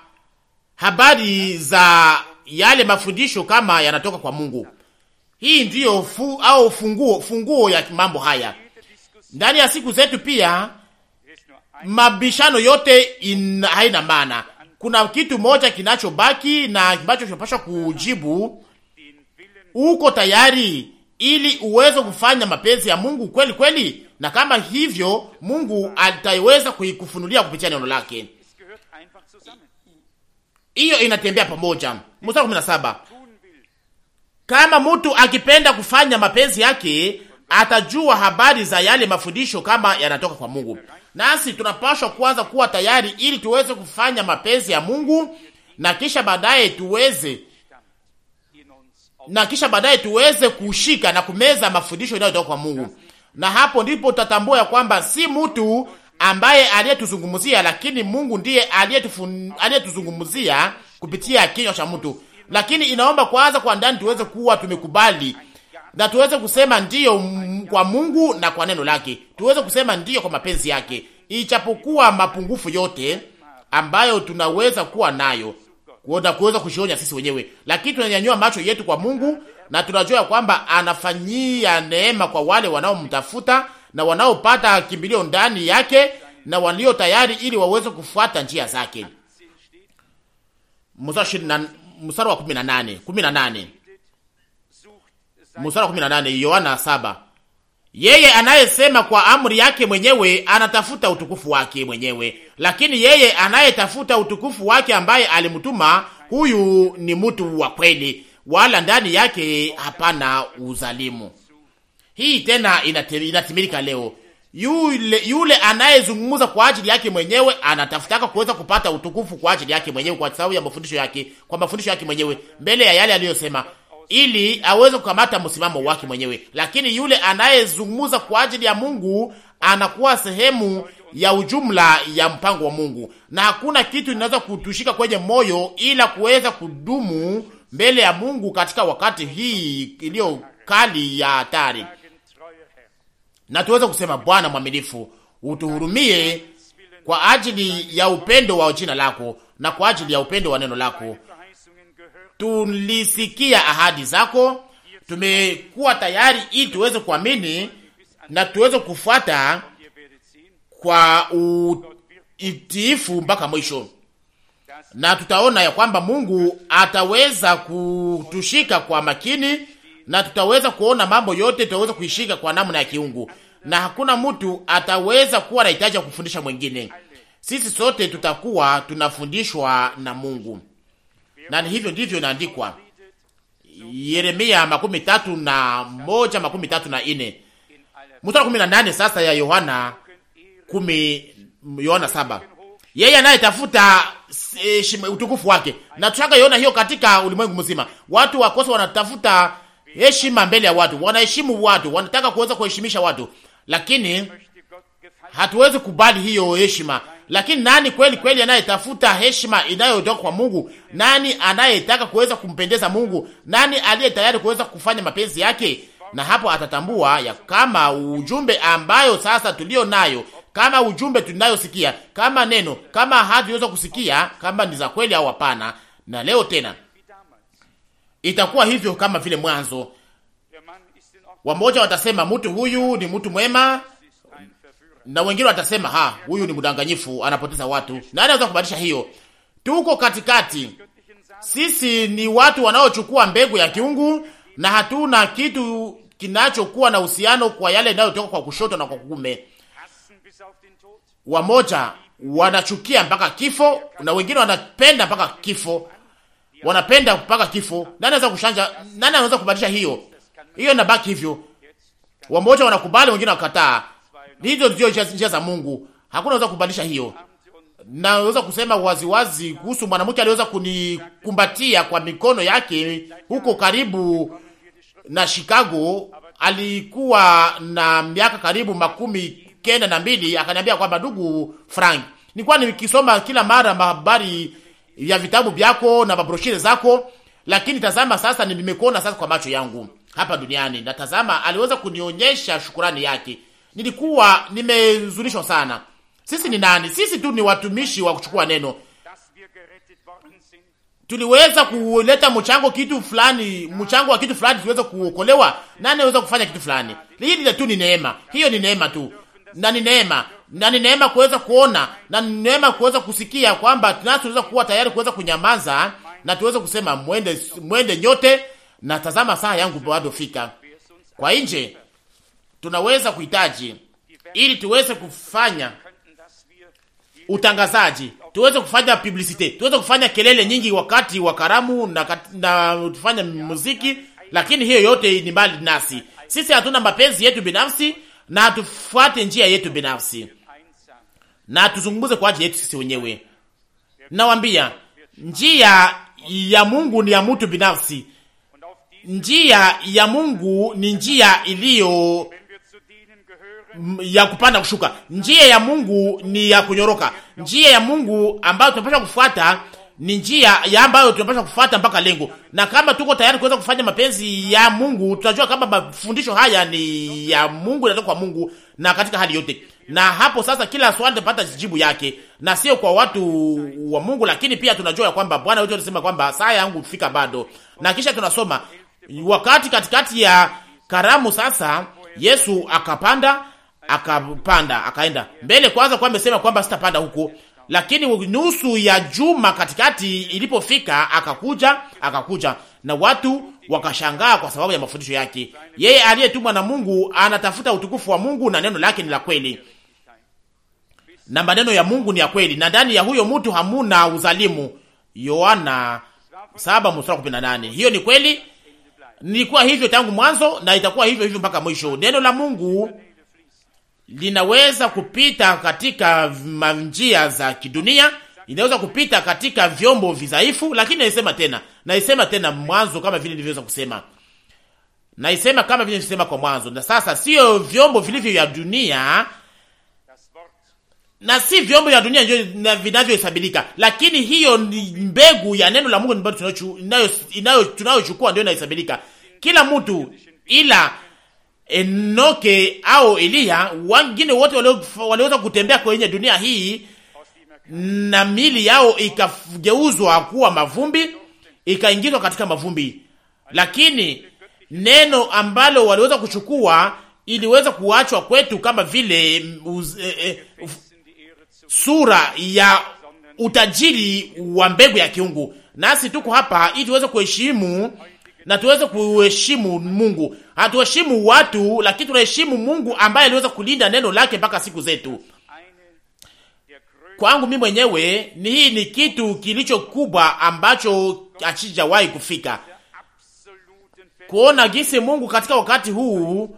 habari za yale mafundisho kama yanatoka kwa Mungu. Hii ndiyo fu, au funguo funguo ya mambo haya. Ndani ya siku zetu pia mabishano yote in, haina maana. Kuna kitu moja kinachobaki na ambacho kinapaswa kujibu, uko tayari ili uweze kufanya mapenzi ya Mungu kweli kweli, na kama hivyo Mungu ataiweza kuikufunulia kupitia neno lake hiyo inatembea pamoja. Mstari kumi na saba, kama mtu akipenda kufanya mapenzi yake atajua habari za yale mafundisho kama yanatoka kwa Mungu. Nasi tunapaswa kwanza kuwa tayari ili tuweze kufanya mapenzi ya Mungu na kisha baadaye tuweze na kisha baadaye tuweze kushika na kumeza mafundisho yanayotoka kwa Mungu, na hapo ndipo tutatambua ya kwamba si mtu ambaye aliyetuzungumzia, lakini Mungu ndiye aliyetuzungumzia kupitia kinywa cha mtu. Lakini inaomba kwanza kwa ndani tuweze kuwa tumekubali na tuweze kusema ndiyo kwa Mungu na kwa neno lake, tuweze kusema ndiyo kwa mapenzi yake, ichapokuwa mapungufu yote ambayo tunaweza kuwa nayo na kuweza kushionya sisi wenyewe, lakini tunanyanyua macho yetu kwa Mungu na tunajua kwamba anafanyia neema kwa wale wanaomtafuta na wanaopata kimbilio ndani yake na walio tayari ili waweze kufuata njia zake. Mstari wa 18, nane Mstari wa nane Yohana 7. Yeye anayesema kwa amri yake mwenyewe anatafuta utukufu wake mwenyewe, lakini yeye anayetafuta utukufu wake ambaye alimtuma, huyu ni mtu wa kweli, wala ndani yake hapana uzalimu. Hii tena inatimilika leo. Yule, yule anayezungumza kwa ajili yake mwenyewe anatafutaka kuweza kupata utukufu kwa ajili yake mwenyewe kwa sababu ya mafundisho yake, kwa mafundisho yake mwenyewe mbele ya yale aliyosema, ili aweze kukamata msimamo wake mwenyewe. Lakini yule anayezungumza kwa ajili ya Mungu anakuwa sehemu ya ujumla ya mpango wa Mungu, na hakuna kitu inaweza kutushika kwenye moyo ila kuweza kudumu mbele ya Mungu katika wakati hii iliyo kali ya hatari na tuweze kusema Bwana mwaminifu, utuhurumie kwa ajili ya upendo wa jina lako na kwa ajili ya upendo wa neno lako. Tulisikia ahadi zako, tumekuwa tayari ili tuweze kuamini na tuweze kufuata kwa utiifu mpaka mwisho, na tutaona ya kwamba Mungu ataweza kutushika kwa makini na tutaweza kuona mambo yote, tutaweza kuishika kwa namna ya kiungu, na hakuna mtu ataweza kuwa na hitaji ya kufundisha mwingine. Sisi sote tutakuwa tunafundishwa na Mungu, na hivyo ndivyo inaandikwa Yeremia makumi tatu na moja makumi tatu na ine mstari kumi na nane sasa ya Yohana kumi Yohana saba yeye anayetafuta e, utukufu wake na tushaka Yohana hiyo katika ulimwengu mzima, watu wakosa wanatafuta heshima mbele ya watu, wanaheshimu watu, wanataka kuweza kuheshimisha watu, lakini hatuwezi kubali hiyo heshima. Lakini nani kweli kweli anayetafuta heshima inayotoka kwa Mungu? Nani anayetaka kuweza kumpendeza Mungu? Nani aliye tayari kuweza kufanya mapenzi yake? Na hapo atatambua ya kama ujumbe ambayo sasa tulio nayo, kama ujumbe tunayosikia, kama neno, kama hatuweza kusikia kama ni za kweli au hapana. Na leo tena itakuwa hivyo kama vile mwanzo. Wamoja watasema mtu huyu ni mtu mwema, na wengine watasema ha, huyu ni mdanganyifu, anapoteza watu. Nani anaweza kubadilisha hiyo? Tuko katikati, sisi ni watu wanaochukua mbegu ya kiungu na hatuna kitu kinachokuwa na uhusiano kwa yale inayotoka kwa kushoto na kwa kuume. Wamoja wanachukia mpaka kifo na wengine wanapenda mpaka kifo wanapenda mpaka kifo. Nani anaweza kushanja? Nani anaweza kubadilisha hiyo? Hiyo inabaki hivyo, wamoja wanakubali, wengine wakataa. Hizo ndio njia za Mungu, hakuna anaweza kubadilisha hiyo. Naweza kusema waziwazi kuhusu mwanamke aliweza kunikumbatia kwa mikono yake huko karibu na Chicago. Alikuwa na miaka karibu makumi kenda na mbili. Akaniambia kwamba ndugu Frank, nilikuwa nikisoma kila mara mahabari ya vitabu vyako na mabroshire zako, lakini tazama sasa nimekuona sasa kwa macho yangu hapa duniani, na tazama aliweza kunionyesha shukurani yake. Nilikuwa nimezunishwa sana. Sisi ni nani? Sisi tu ni watumishi wa kuchukua neno. Tuliweza kuleta mchango kitu fulani, mchango wa kitu fulani, tuliweza kuokolewa. Nani anaweza kufanya kitu fulani? Hili tu ni neema, hiyo ni neema tu, na ni neema na ni neema kuweza kuona na ni neema kuweza kusikia kwamba tunasi tunaweza kuwa tayari kuweza kunyamaza na tuweze kusema mwende, mwende nyote, na tazama saa yangu bado fika. Kwa nje tunaweza kuhitaji ili tuweze kufanya utangazaji, tuweze kufanya publicite, tuweze kufanya kelele nyingi wakati wa karamu na, na tufanya muziki, lakini hiyo yote ni mbali nasi. Sisi hatuna mapenzi yetu binafsi na hatufuate njia yetu binafsi na tuzungumze kwa ajili yetu sisi wenyewe. Nawambia njia ya Mungu ni ya mtu binafsi. Njia ya Mungu ni njia iliyo ya kupanda kushuka. Njia ya Mungu ni ya kunyoroka. Njia ya Mungu ambayo tunapaswa kufuata ni njia ya ambayo tunapaswa kufuata mpaka lengo, na kama tuko tayari kuweza kufanya mapenzi ya Mungu, tunajua kama mafundisho haya ni ya Mungu, yanatoka kwa Mungu na katika hali yote. Na hapo sasa, kila swali tutapata jibu yake, na sio kwa watu wa Mungu, lakini pia tunajua ya kwamba Bwana wetu alisema kwamba saa yangu kufika bado. Na kisha tunasoma wakati katikati ya karamu sasa, Yesu akapanda akapanda akaenda mbele kwanza, kwa amesema kwamba sitapanda huko lakini nusu ya juma katikati ilipofika, akakuja akakuja na watu wakashangaa kwa sababu ya mafundisho yake. Yeye aliyetumwa na Mungu anatafuta utukufu wa Mungu, na neno lake ni la kweli, na maneno ya Mungu ni ya kweli, na ndani ya huyo mtu hamuna uzalimu. Yohana 7:18. Hiyo ni kweli, nilikuwa hivyo tangu mwanzo na itakuwa hivyo hivyo mpaka mwisho. Neno la Mungu linaweza kupita katika manjia za kidunia, inaweza kupita katika vyombo vidhaifu, lakini naisema tena, naisema tena mwanzo, kama vile nilivyoweza kusema, naisema kama vile nilisema kwa mwanzo. Na sasa sio vyombo vilivyo vya dunia na si vyombo vya dunia ndio lakini hiyo ni mbegu ya neno la Mungu ambayo tunayochukua, ndio inahesabika kila mtu, ila Enoke au Eliya, wengine wote waliweza kutembea kwenye dunia hii na mili yao ikageuzwa kuwa mavumbi, ikaingizwa katika mavumbi, lakini neno ambalo waliweza kuchukua iliweza kuachwa kwetu kama vile uz, e, e, f, sura ya utajiri wa mbegu ya kiungu. Nasi tuko hapa ili tuweze kuheshimu na tuweze kuheshimu Mungu. Hatuheshimu watu, lakini tunaheshimu Mungu ambaye aliweza kulinda neno lake mpaka siku zetu. Kwangu mimi mwenyewe ni hii ni kitu kilicho kubwa ambacho hakijawahi kufika, kuona gisi Mungu katika wakati huu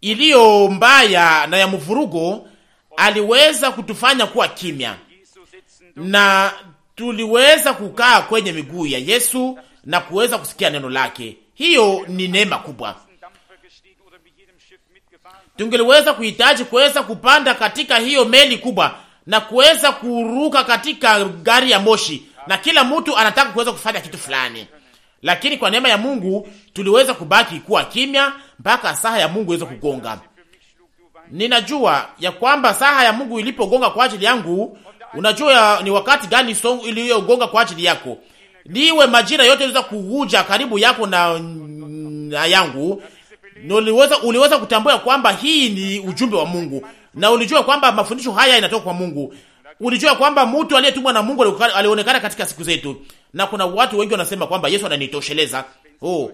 iliyo mbaya na ya mvurugo aliweza kutufanya kuwa kimya na tuliweza kukaa kwenye miguu ya Yesu na kuweza kusikia neno lake. Hiyo ni neema kubwa. Tungeliweza kuhitaji kuweza kupanda katika hiyo meli kubwa na kuweza kuruka katika gari ya moshi, na kila mtu anataka kuweza kufanya kitu fulani, lakini kwa neema ya Mungu tuliweza kubaki kuwa kimya mpaka saha ya Mungu iweze kugonga. Ninajua ya kwamba saha ya Mungu ilipogonga kwa ajili yangu, unajua ni wakati gani iliyogonga kwa ajili yako, liwe majira yote iliweza kuuja karibu yako na, na yangu uliweza, uliweza kutambua kwamba hii ni ujumbe wa Mungu na ulijua kwamba mafundisho haya inatoka kwa Mungu. Ulijua kwamba mtu aliyetumwa na Mungu alionekana katika siku zetu, na kuna watu wengi wanasema kwamba Yesu ananitosheleza. Oh,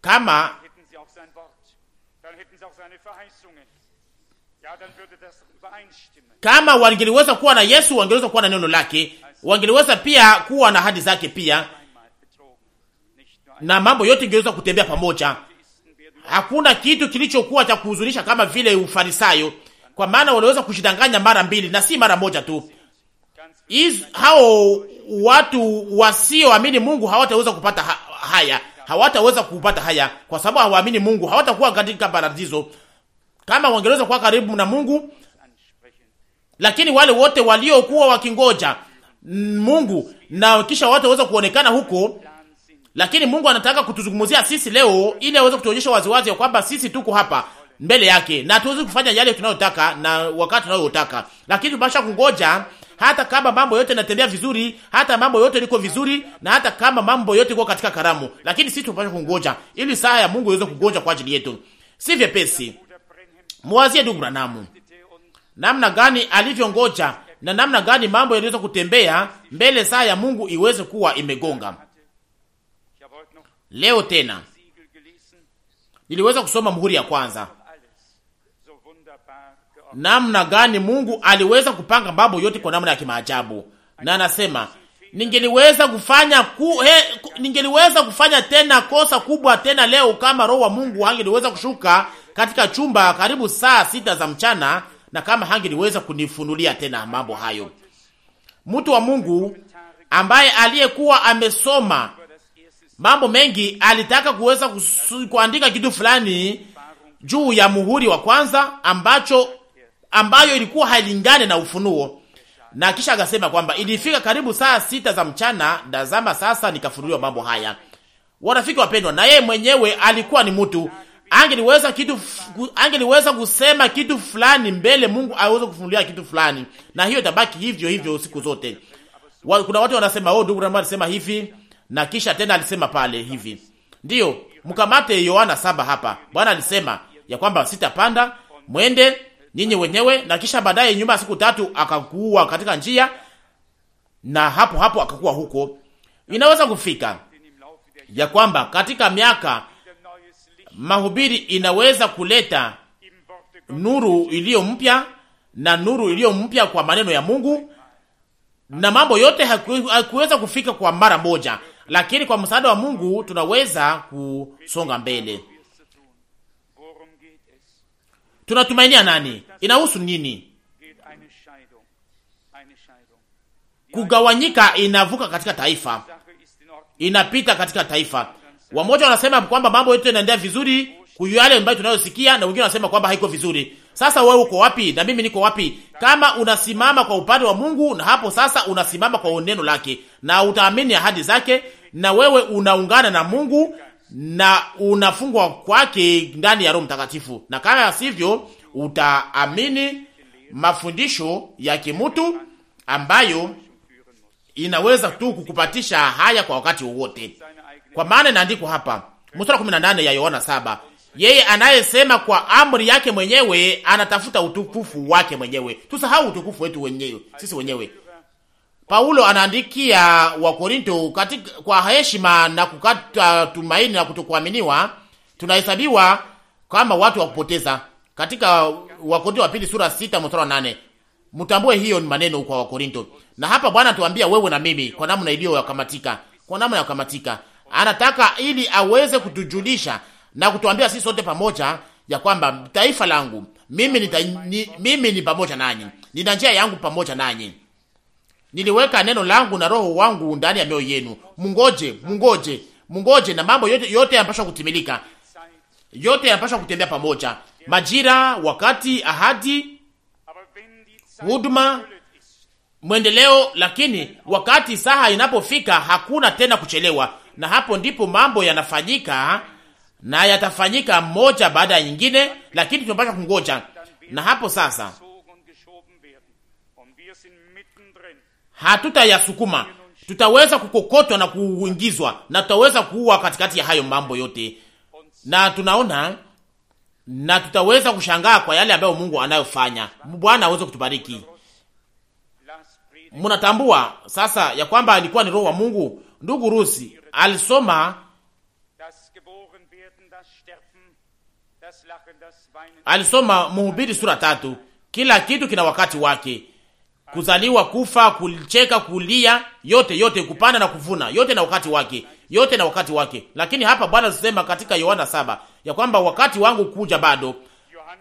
kama kama wangeliweza kuwa na Yesu wangeliweza kuwa na neno lake wangeliweza pia kuwa na ahadi zake pia, na mambo yote ingeweza kutembea pamoja. Hakuna kitu kilichokuwa cha kuhuzunisha kama vile Ufarisayo, kwa maana waliweza kushidanganya mara mbili na si mara moja tu. Is, hao watu wasioamini Mungu hawataweza kupata ha haya, hawataweza kupata haya kwa sababu hawaamini Mungu, hawatakuwa katika paradiso kama wangeweza kuwa karibu na Mungu. Lakini wale wote waliokuwa wakingoja Mungu na kisha watu waweza kuonekana huko, lakini Mungu anataka kutuzungumzia sisi leo ili aweze kutuonyesha waziwazi ya kwamba sisi tuko hapa mbele yake na tuweze kufanya yale tunayotaka na wakati tunayotaka, lakini tupasha kungoja hata kama mambo yote yanatembea vizuri, hata mambo yote liko vizuri, na hata kama mambo yote iko katika karamu, lakini sisi tupasha kungoja ili saa ya Mungu iweze kugonja kwa ajili yetu. Si vyepesi. Mwazie ndugu Branamu namna gani alivyongoja na namna gani mambo yanaweza kutembea mbele saa ya Mungu iweze kuwa imegonga. Leo tena niliweza kusoma muhuri ya kwanza, namna gani Mungu aliweza kupanga mambo yote kwa namna ya kimaajabu, na anasema ningeliweza kufanya ku, he, ningeliweza kufanya tena kosa kubwa tena leo kama roho wa Mungu angeliweza kushuka katika chumba karibu saa sita za mchana na kama hangeliweza kunifunulia tena mambo hayo. Mtu wa Mungu ambaye aliyekuwa amesoma mambo mengi alitaka kuweza kuandika kitu fulani juu ya muhuri wa kwanza ambacho ambayo ilikuwa hailingane na ufunuo, na kisha akasema kwamba ilifika karibu saa sita za mchana, dazama sasa nikafunuliwa mambo haya. Warafiki wapendwa, na yeye mwenyewe alikuwa ni mtu angeliweza kitu, angeliweza kusema kitu fulani mbele Mungu aweze kufunulia kitu fulani, na hiyo itabaki hivyo hivyo siku zote. Wa, kuna watu wanasema oh, ndugu Branham alisema hivi na kisha tena alisema pale hivi. Ndiyo, mkamate Yohana saba hapa. Bwana alisema ya kwamba sitapanda, mwende nyinyi wenyewe, na kisha baadaye nyuma ya siku tatu akakuwa katika njia, na hapo hapo akakuwa huko. Inaweza kufika ya kwamba katika miaka mahubiri inaweza kuleta nuru iliyo mpya na nuru iliyo mpya kwa maneno ya Mungu, na mambo yote hakuweza kufika kwa mara moja, lakini kwa msaada wa Mungu tunaweza kusonga mbele. Tunatumainia nani? Inahusu nini? Kugawanyika inavuka katika taifa, inapita katika taifa. Wamoja wanasema kwamba mambo yetu yanaendea vizuri yale ambayo tunayosikia, na wengine wanasema kwamba haiko vizuri. Sasa wewe uko wapi na mimi niko wapi? Kama unasimama kwa upande wa Mungu, na hapo sasa unasimama kwa neno lake na utaamini ahadi zake, na wewe unaungana na Mungu na unafungwa kwake ndani ya Roho Mtakatifu, na kama sivyo utaamini mafundisho ya kimutu ambayo inaweza tu kukupatisha haya kwa wakati wowote. Kwa maana inaandikwa hapa mstari 18 ya Yohana saba, yeye anayesema kwa amri yake mwenyewe anatafuta utukufu wake mwenyewe. Tusahau utukufu wetu wenyewe sisi wenyewe. Paulo anaandikia Wakorinto katika kwa heshima na kukata tumaini na kutokuaminiwa, tunahesabiwa kama watu wa kupoteza katika Wakorinto wa pili sura sita mstari wa nane. Mtambue hiyo ni maneno kwa Wakorinto. Na hapa Bwana tuambia wewe na mimi kwa namna iliyo yakamatika, kwa namna yakamatika anataka ili aweze kutujulisha na kutuambia sisi sote pamoja ya kwamba taifa langu mimi nita, ni, mimi ni pamoja nanyi, nina njia yangu pamoja nanyi, niliweka neno langu na roho wangu ndani ya mioyo yenu. Mungoje, mungoje, mungoje, na mambo yote yote yanapaswa kutimilika, yote yanapaswa kutembea pamoja, majira, wakati, ahadi, huduma, mwendeleo. Lakini wakati saha inapofika, hakuna tena kuchelewa na hapo ndipo mambo yanafanyika na yatafanyika moja baada ya nyingine, lakini tunapaswa kungoja. Na hapo sasa hatutayasukuma, tutaweza kukokotwa na kuingizwa, na tutaweza kuua katikati ya hayo mambo yote, na tunaona na tutaweza kushangaa kwa yale ambayo Mungu anayofanya. Bwana aweze kutubariki. Mnatambua sasa ya kwamba alikuwa ni roho wa Mungu. Ndugu Rusi, alisoma alisoma Mhubiri sura tatu. Kila kitu kina wakati wake: kuzaliwa, kufa, kucheka, kulia, yote yote, kupanda na kuvuna, yote na wakati wake, yote na wakati wake. Lakini hapa Bwana anasema katika Yohana saba ya kwamba wakati wangu kuja bado,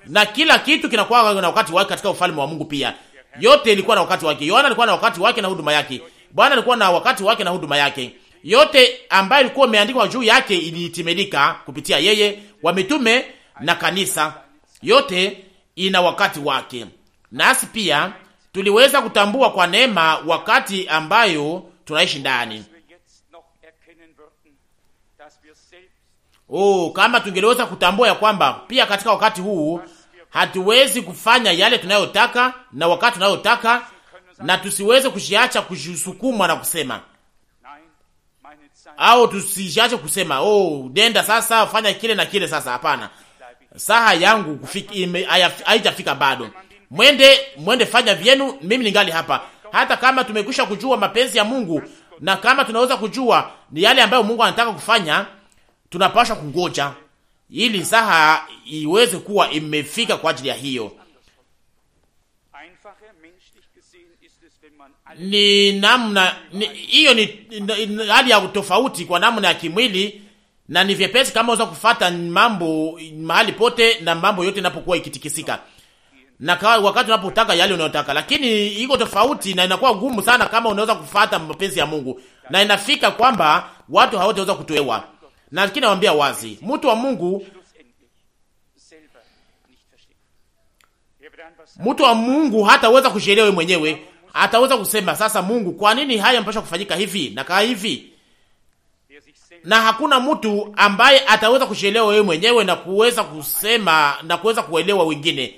na kila kitu kinakuwa na wakati wake katika ufalme wa Mungu. Pia yote ilikuwa na wakati wake. Yohana alikuwa na wakati wake na huduma yake. Bwana alikuwa na wakati wake na huduma yake yote ambayo ilikuwa imeandikwa juu yake ilitimilika kupitia yeye, wa mitume na kanisa. Yote ina wakati wake, nasi pia tuliweza kutambua kwa neema wakati ambayo tunaishi ndani. Oh, kama tungeliweza kutambua ya kwamba pia katika wakati huu hatuwezi kufanya yale tunayotaka na wakati tunayotaka, na tusiweze kushiacha kushisukumwa na kusema au tusiache kusema oh, nenda sasa, fanya kile na kile sasa. Hapana, saha yangu haijafika bado. Mwende, mwende, fanya vyenu, mimi ningali hapa. Hata kama tumekwisha kujua mapenzi ya Mungu na kama tunaweza kujua ni yale ambayo Mungu anataka kufanya, tunapaswa kungoja ili saha iweze kuwa imefika kwa ajili ya hiyo. ni namna hiyo, ni, ni ni hali ya tofauti kwa namna ya kimwili, na ni vyepesi kama unaweza kufata mambo mahali pote na mambo yote inapokuwa ikitikisika na kwa wakati unapotaka yale unayotaka, lakini iko tofauti na inakuwa ngumu sana kama unaweza kufata mapenzi ya Mungu, na inafika kwamba watu hawataweza kutoewa. Na lakini nawaambia wazi, mtu wa Mungu, mtu wa Mungu hataweza kujielewa mwenyewe ataweza kusema sasa, Mungu, kwa nini haya mpasha kufanyika hivi na kaa hivi? Na hakuna mtu ambaye ataweza kujielewa yeye mwenyewe na kuweza kusema na kuweza kuelewa wengine,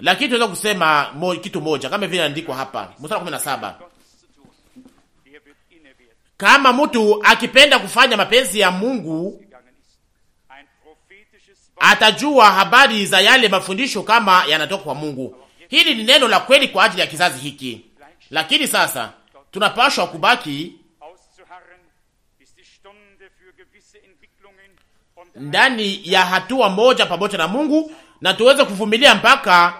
lakini tunaweza kusema mo, kitu moja kama vile inaandikwa hapa mstari 17 kama mtu akipenda kufanya mapenzi ya Mungu atajua habari za yale mafundisho kama yanatoka kwa Mungu. Hili ni neno la kweli kwa ajili ya kizazi hiki, lakini sasa tunapashwa kubaki ndani ya hatua moja pamoja na Mungu na tuweze kuvumilia mpaka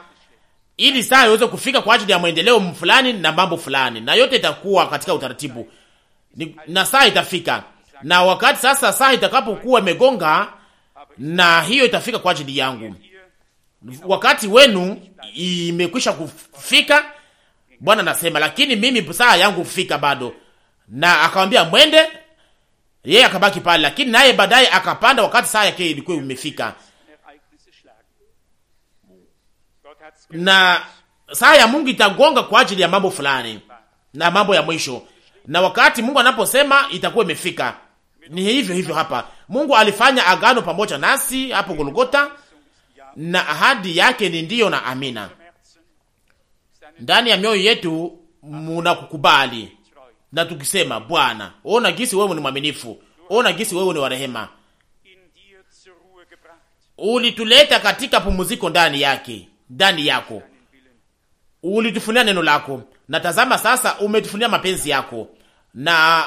ili saa iweze kufika kwa ajili ya maendeleo fulani na mambo fulani, na yote itakuwa katika utaratibu ni, na saa itafika na wakati sasa, saa itakapokuwa imegonga, na hiyo itafika kwa ajili yangu wakati wenu imekwisha kufika, Bwana anasema, lakini mimi saa yangu kufika bado. Na akamwambia mwende, yeye akabaki pale, lakini naye baadaye akapanda wakati saa yake ilikuwa imefika. Na saa ya Mungu itagonga kwa ajili ya mambo fulani na mambo ya mwisho, na wakati Mungu anaposema itakuwa imefika. Ni hivyo hivyo hapa, Mungu alifanya agano pamoja nasi hapo Golgota na ahadi yake ni ndiyo na amina. Ndani ya mioyo yetu kukubali na tukisema, Bwana, ona gisi wewe ni mwaminifu, ona gisi wewe ni warehema, ulituleta katika pumuziko ndani yake, ndani yako ulitufunia neno lako, na tazama sasa umetufunia mapenzi yako, na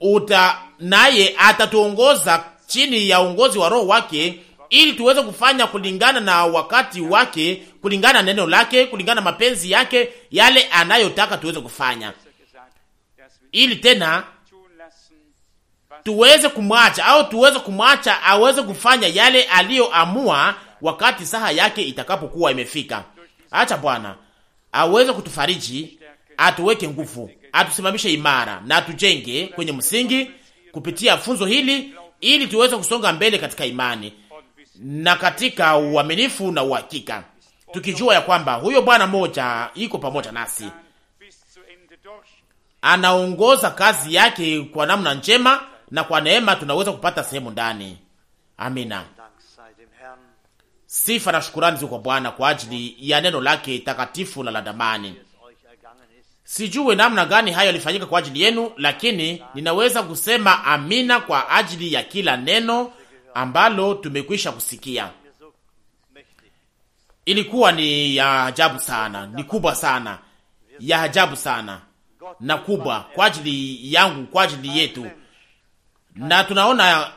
uta naye atatuongoza chini ya uongozi wa Roho wake ili tuweze kufanya kulingana na wakati wake, kulingana na neno lake, kulingana na mapenzi yake, yale anayotaka tuweze kufanya, ili tena tuweze kumwacha au tuweze kumwacha aweze kufanya yale aliyoamua wakati saha yake itakapokuwa imefika. Acha Bwana aweze kutufariji, atuweke nguvu, atusimamishe imara na atujenge kwenye msingi kupitia funzo hili, ili tuweze kusonga mbele katika imani na katika uaminifu na uhakika, tukijua ya kwamba huyo Bwana mmoja iko pamoja nasi, anaongoza kazi yake kwa namna njema, na kwa neema tunaweza kupata sehemu ndani. Amina. Sifa na shukurani ziko kwa Bwana kwa ajili ya neno lake takatifu na la damani. Sijue namna gani hayo yalifanyika kwa ajili yenu, lakini ninaweza kusema amina kwa ajili ya kila neno ambalo tumekwisha kusikia. Ilikuwa ni ya ajabu sana, ni kubwa sana, ya ajabu sana na kubwa kwa ajili yangu, kwa ajili yetu, na tunaona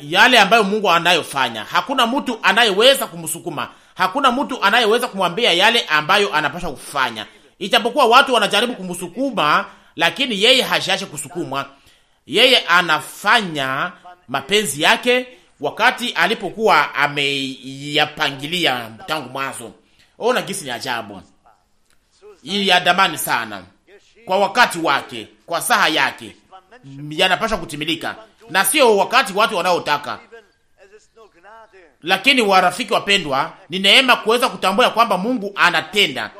yale ambayo Mungu anayofanya. Hakuna mtu anayeweza kumsukuma, hakuna mtu anayeweza kumwambia yale ambayo anapasha kufanya, ijapokuwa watu wanajaribu kumsukuma, lakini yeye hashashe kusukumwa. Yeye anafanya mapenzi yake wakati alipokuwa ameyapangilia tangu mwanzo. Ona gisi ni ajabu ya damani sana kwa wakati wake, kwa saha yake yanapashwa kutimilika, na sio wakati watu wanaotaka. Lakini warafiki wapendwa, ni neema kuweza kutambua kwamba Mungu anatenda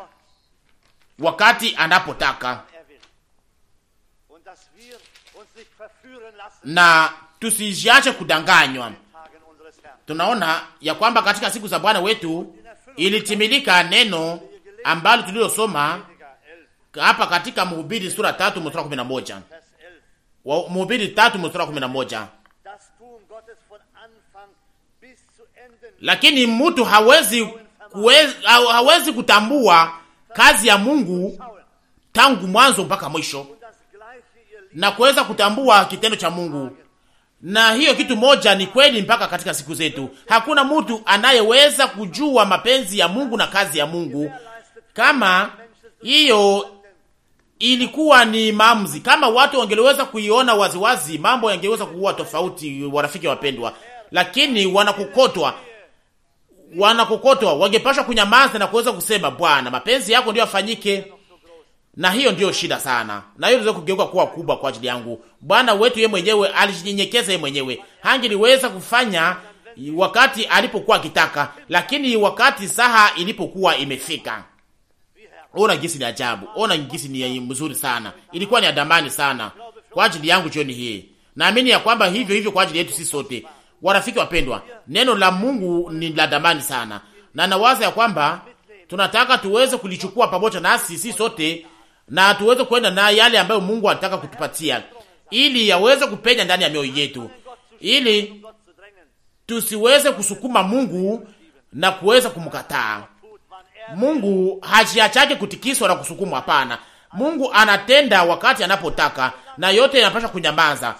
wakati anapotaka na tusijiache kudanganywa. Tunaona ya kwamba katika siku za Bwana wetu ilitimilika neno ambalo tulilosoma hapa katika Mhubiri sura tatu mstari kumi na moja Mhubiri tatu mstari kumi na moja lakini mtu hawezi kuwezi, hawezi kutambua kazi ya Mungu tangu mwanzo mpaka mwisho na kuweza kutambua kitendo cha Mungu na hiyo kitu moja ni kweli mpaka katika siku zetu. Hakuna mtu anayeweza kujua mapenzi ya Mungu na kazi ya Mungu kama hiyo ilikuwa ni maamuzi. Kama watu wangeliweza kuiona waziwazi, mambo yangeweza kuwa tofauti, warafiki wapendwa, lakini wanakukotwa, wanakukotwa. Wangepashwa kunyamaza na kuweza kusema, Bwana, mapenzi yako ndio yafanyike na hiyo ndiyo shida sana, na hiyo inaweza kugeuka kuwa kubwa kwa ajili yangu. Bwana wetu yeye mwenyewe alijinyenyekeza yeye mwenyewe, hangeliweza kufanya wakati alipokuwa akitaka, lakini wakati saha ilipokuwa imefika. Ona gisi ni ajabu, ona gisi ni mzuri sana, ilikuwa ni adamani sana kwa ajili yangu jioni hii. Naamini ya kwamba hivyo hivyo kwa ajili yetu sisi sote. Warafiki wapendwa, neno la Mungu ni la damani sana, na nawaza ya kwamba tunataka tuweze kulichukua pamoja nasi sisi sote na tuweze kuenda na yale ambayo Mungu anataka kutupatia, ili yaweze kupenya ndani ya mioyo yetu, ili tusiweze kusukuma Mungu na kuweza kumkataa Mungu. Hajiachake kutikiswa na kusukumwa, hapana. Mungu anatenda wakati anapotaka, na yote yanapaswa kunyamaza.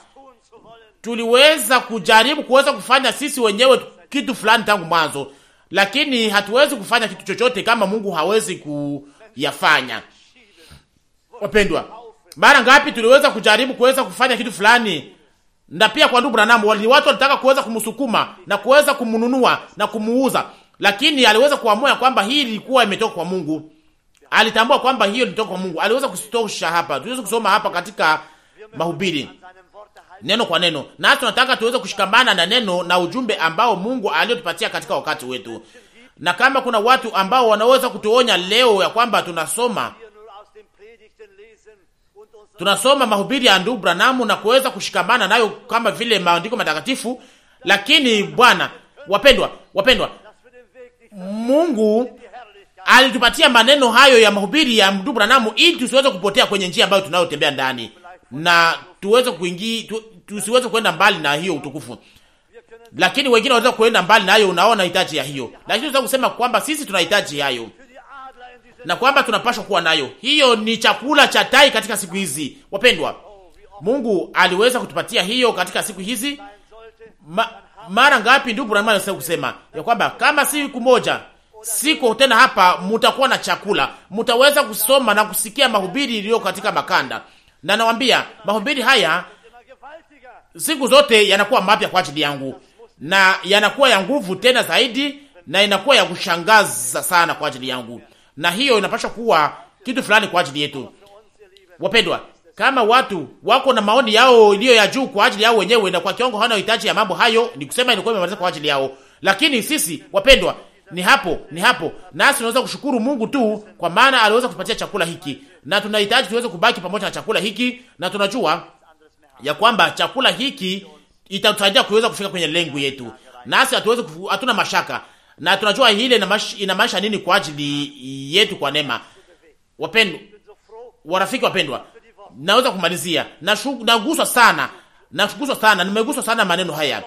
Tuliweza kujaribu kuweza kufanya sisi wenyewe kitu fulani tangu mwanzo, lakini hatuwezi kufanya kitu chochote kama Mungu hawezi kuyafanya. Wapendwa, mara ngapi tuliweza kujaribu kuweza kufanya kitu fulani na pia kwa ndugu Branham wali watu walitaka kuweza kumsukuma na kuweza kumnunua na kumuuza, lakini aliweza kuamua kwamba hii ilikuwa imetoka kwa Mungu. Alitambua kwamba hiyo ilitoka kwa Mungu. Aliweza kusitosha hapa, tuweze kusoma hapa katika mahubiri neno kwa neno, na tunataka tuweze kushikamana na neno na ujumbe ambao Mungu aliyotupatia katika wakati wetu, na kama kuna watu ambao wanaweza kutuonya leo ya kwamba tunasoma tunasoma mahubiri ya ndugu Branamu na kuweza kushikamana nayo kama vile maandiko matakatifu. Lakini Bwana wapendwa, wapendwa, Mungu alitupatia maneno hayo ya mahubiri ya ndugu Branamu ili tusiweze kupotea kwenye njia ambayo tunayotembea ndani na tuweze kuingia tu, tusiweze kwenda mbali na hiyo utukufu. Lakini wengine wanaweza kuenda mbali nayo, unaona hitaji ya hiyo, lakini tunataka kusema kwamba sisi tunahitaji hayo na kwamba tunapashwa kuwa nayo. Hiyo ni chakula cha tai katika siku hizi, wapendwa. Mungu aliweza kutupatia hiyo katika siku hizi. Ma, mara ngapi ndugu Branham anasema kusema ya kwamba kama siku moja siko tena hapa, mutakuwa na chakula, mutaweza kusoma na kusikia mahubiri iliyo katika makanda, na nawaambia mahubiri haya siku zote yanakuwa mapya kwa ajili yangu na yanakuwa ya nguvu tena zaidi, na inakuwa ya kushangaza sana kwa ajili yangu na hiyo inapaswa kuwa kitu fulani kwa ajili yetu. Wapendwa, kama watu wako na maoni yao iliyo ya juu kwa ajili yao wenyewe na kwa kiwango hana uhitaji ya mambo hayo, ni kusema ilikuwa imemaliza kwa ajili yao. Lakini sisi wapendwa, ni hapo ni hapo, nasi tunaweza kushukuru Mungu tu, kwa maana aliweza kutupatia chakula hiki, na tunahitaji tuweze kubaki pamoja na chakula hiki, na tunajua ya kwamba chakula hiki itatusaidia kuweza kufika kwenye lengo yetu, nasi hatuwezi, hatuna mashaka na tunajua hile inamaanisha nini kwa ajili yetu kwa neema. Wapendwa, warafiki wapendwa, naweza kumalizia. Naguswa sana, naguswa sana, nimeguswa sana maneno haya.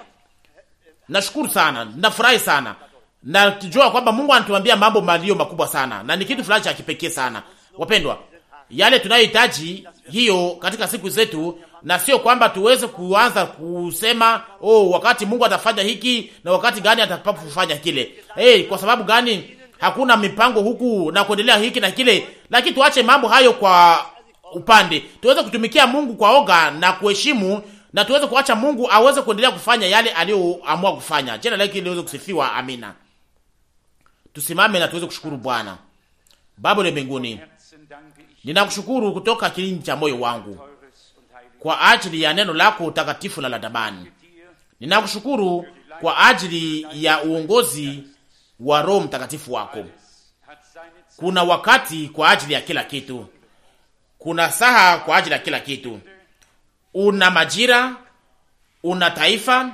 Nashukuru sana, nafurahi sana, najua kwamba Mungu anatuambia mambo malio makubwa sana, na ni kitu fulani cha kipekee sana. Wapendwa, yale tunayohitaji hiyo katika siku zetu na sio kwamba tuweze kuanza kusema oh, wakati Mungu atafanya hiki na wakati gani kufanya kile. Hey, kwa sababu gani hakuna mipango huku na kuendelea hiki na kile, lakini tuache mambo hayo kwa upande, tuweze kutumikia Mungu kwa oga na kuheshimu, na tuweze kuacha Mungu aweze kuendelea kufanya yale aliyoamua kufanya. Jina lake liweze kusifiwa, amina. Tusimame na tuweze kushukuru Bwana. Baba wa mbinguni, ninakushukuru kutoka kilindi cha moyo wangu kwa ajili ya neno lako takatifu na la damani. Ninakushukuru kwa ajili ya uongozi wa Roho Mtakatifu wako. Kuna wakati kwa ajili ya kila kitu, kuna saha kwa ajili ya kila kitu. Una majira, una taifa,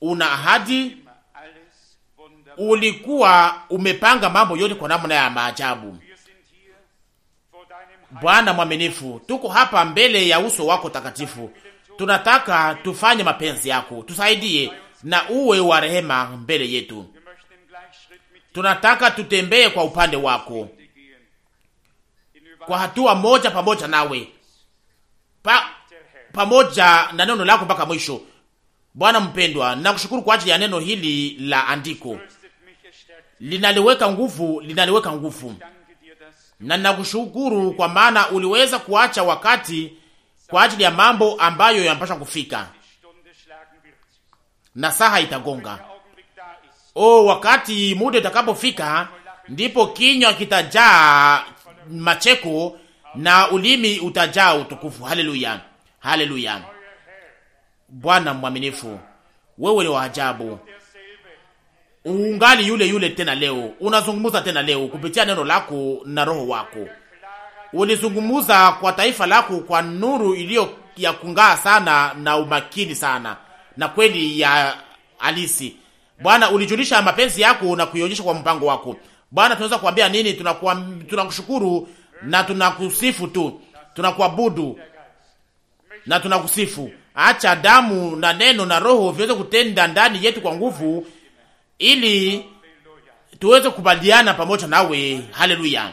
una ahadi. Ulikuwa umepanga mambo yote kwa namna ya maajabu. Bwana mwaminifu, tuko hapa mbele ya uso wako takatifu, tunataka tufanye mapenzi yako, tusaidie na uwe wa rehema mbele yetu. Tunataka tutembee kwa upande wako, kwa hatua moja pamoja nawe, pa pamoja na neno lako mpaka mwisho. Bwana mpendwa, nakushukuru kwa ajili ya neno hili la andiko, linaliweka nguvu, linaliweka nguvu na ninakushukuru kwa maana uliweza kuacha wakati kwa ajili ya mambo ambayo yanapaswa kufika na saha itagonga. O, wakati muda utakapofika, ndipo kinywa kitajaa macheko na ulimi utajaa utukufu. Haleluya, haleluya! Bwana mwaminifu, wewe ni ajabu ungali yule yule tena leo, unazungumuza tena leo kupitia neno lako na roho wako. Ulizungumuza kwa taifa lako kwa nuru iliyo ya kung'aa sana na umakini sana na kweli ya halisi. Bwana, ulijulisha mapenzi yako na kuionyesha kwa mpango wako. Bwana, tunaweza kuambia nini? Tunakushukuru na tunakusifu tu, tunakuabudu na tunakusifu. Acha damu na neno na roho viweze kutenda ndani yetu kwa nguvu ili tuweze kubaliana pamoja nawe. Haleluya!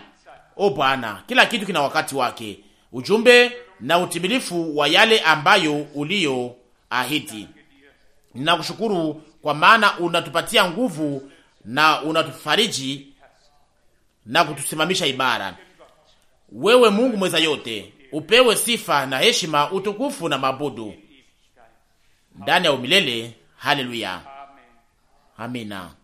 O Bwana, kila kitu kina wakati wake, ujumbe na utimilifu wa yale ambayo ulio ahidi. Ninakushukuru kwa maana unatupatia nguvu na unatufariji na kutusimamisha imara. Wewe Mungu mweza yote, upewe sifa na heshima, utukufu na mabudu ndani ya umilele. Haleluya. Amina.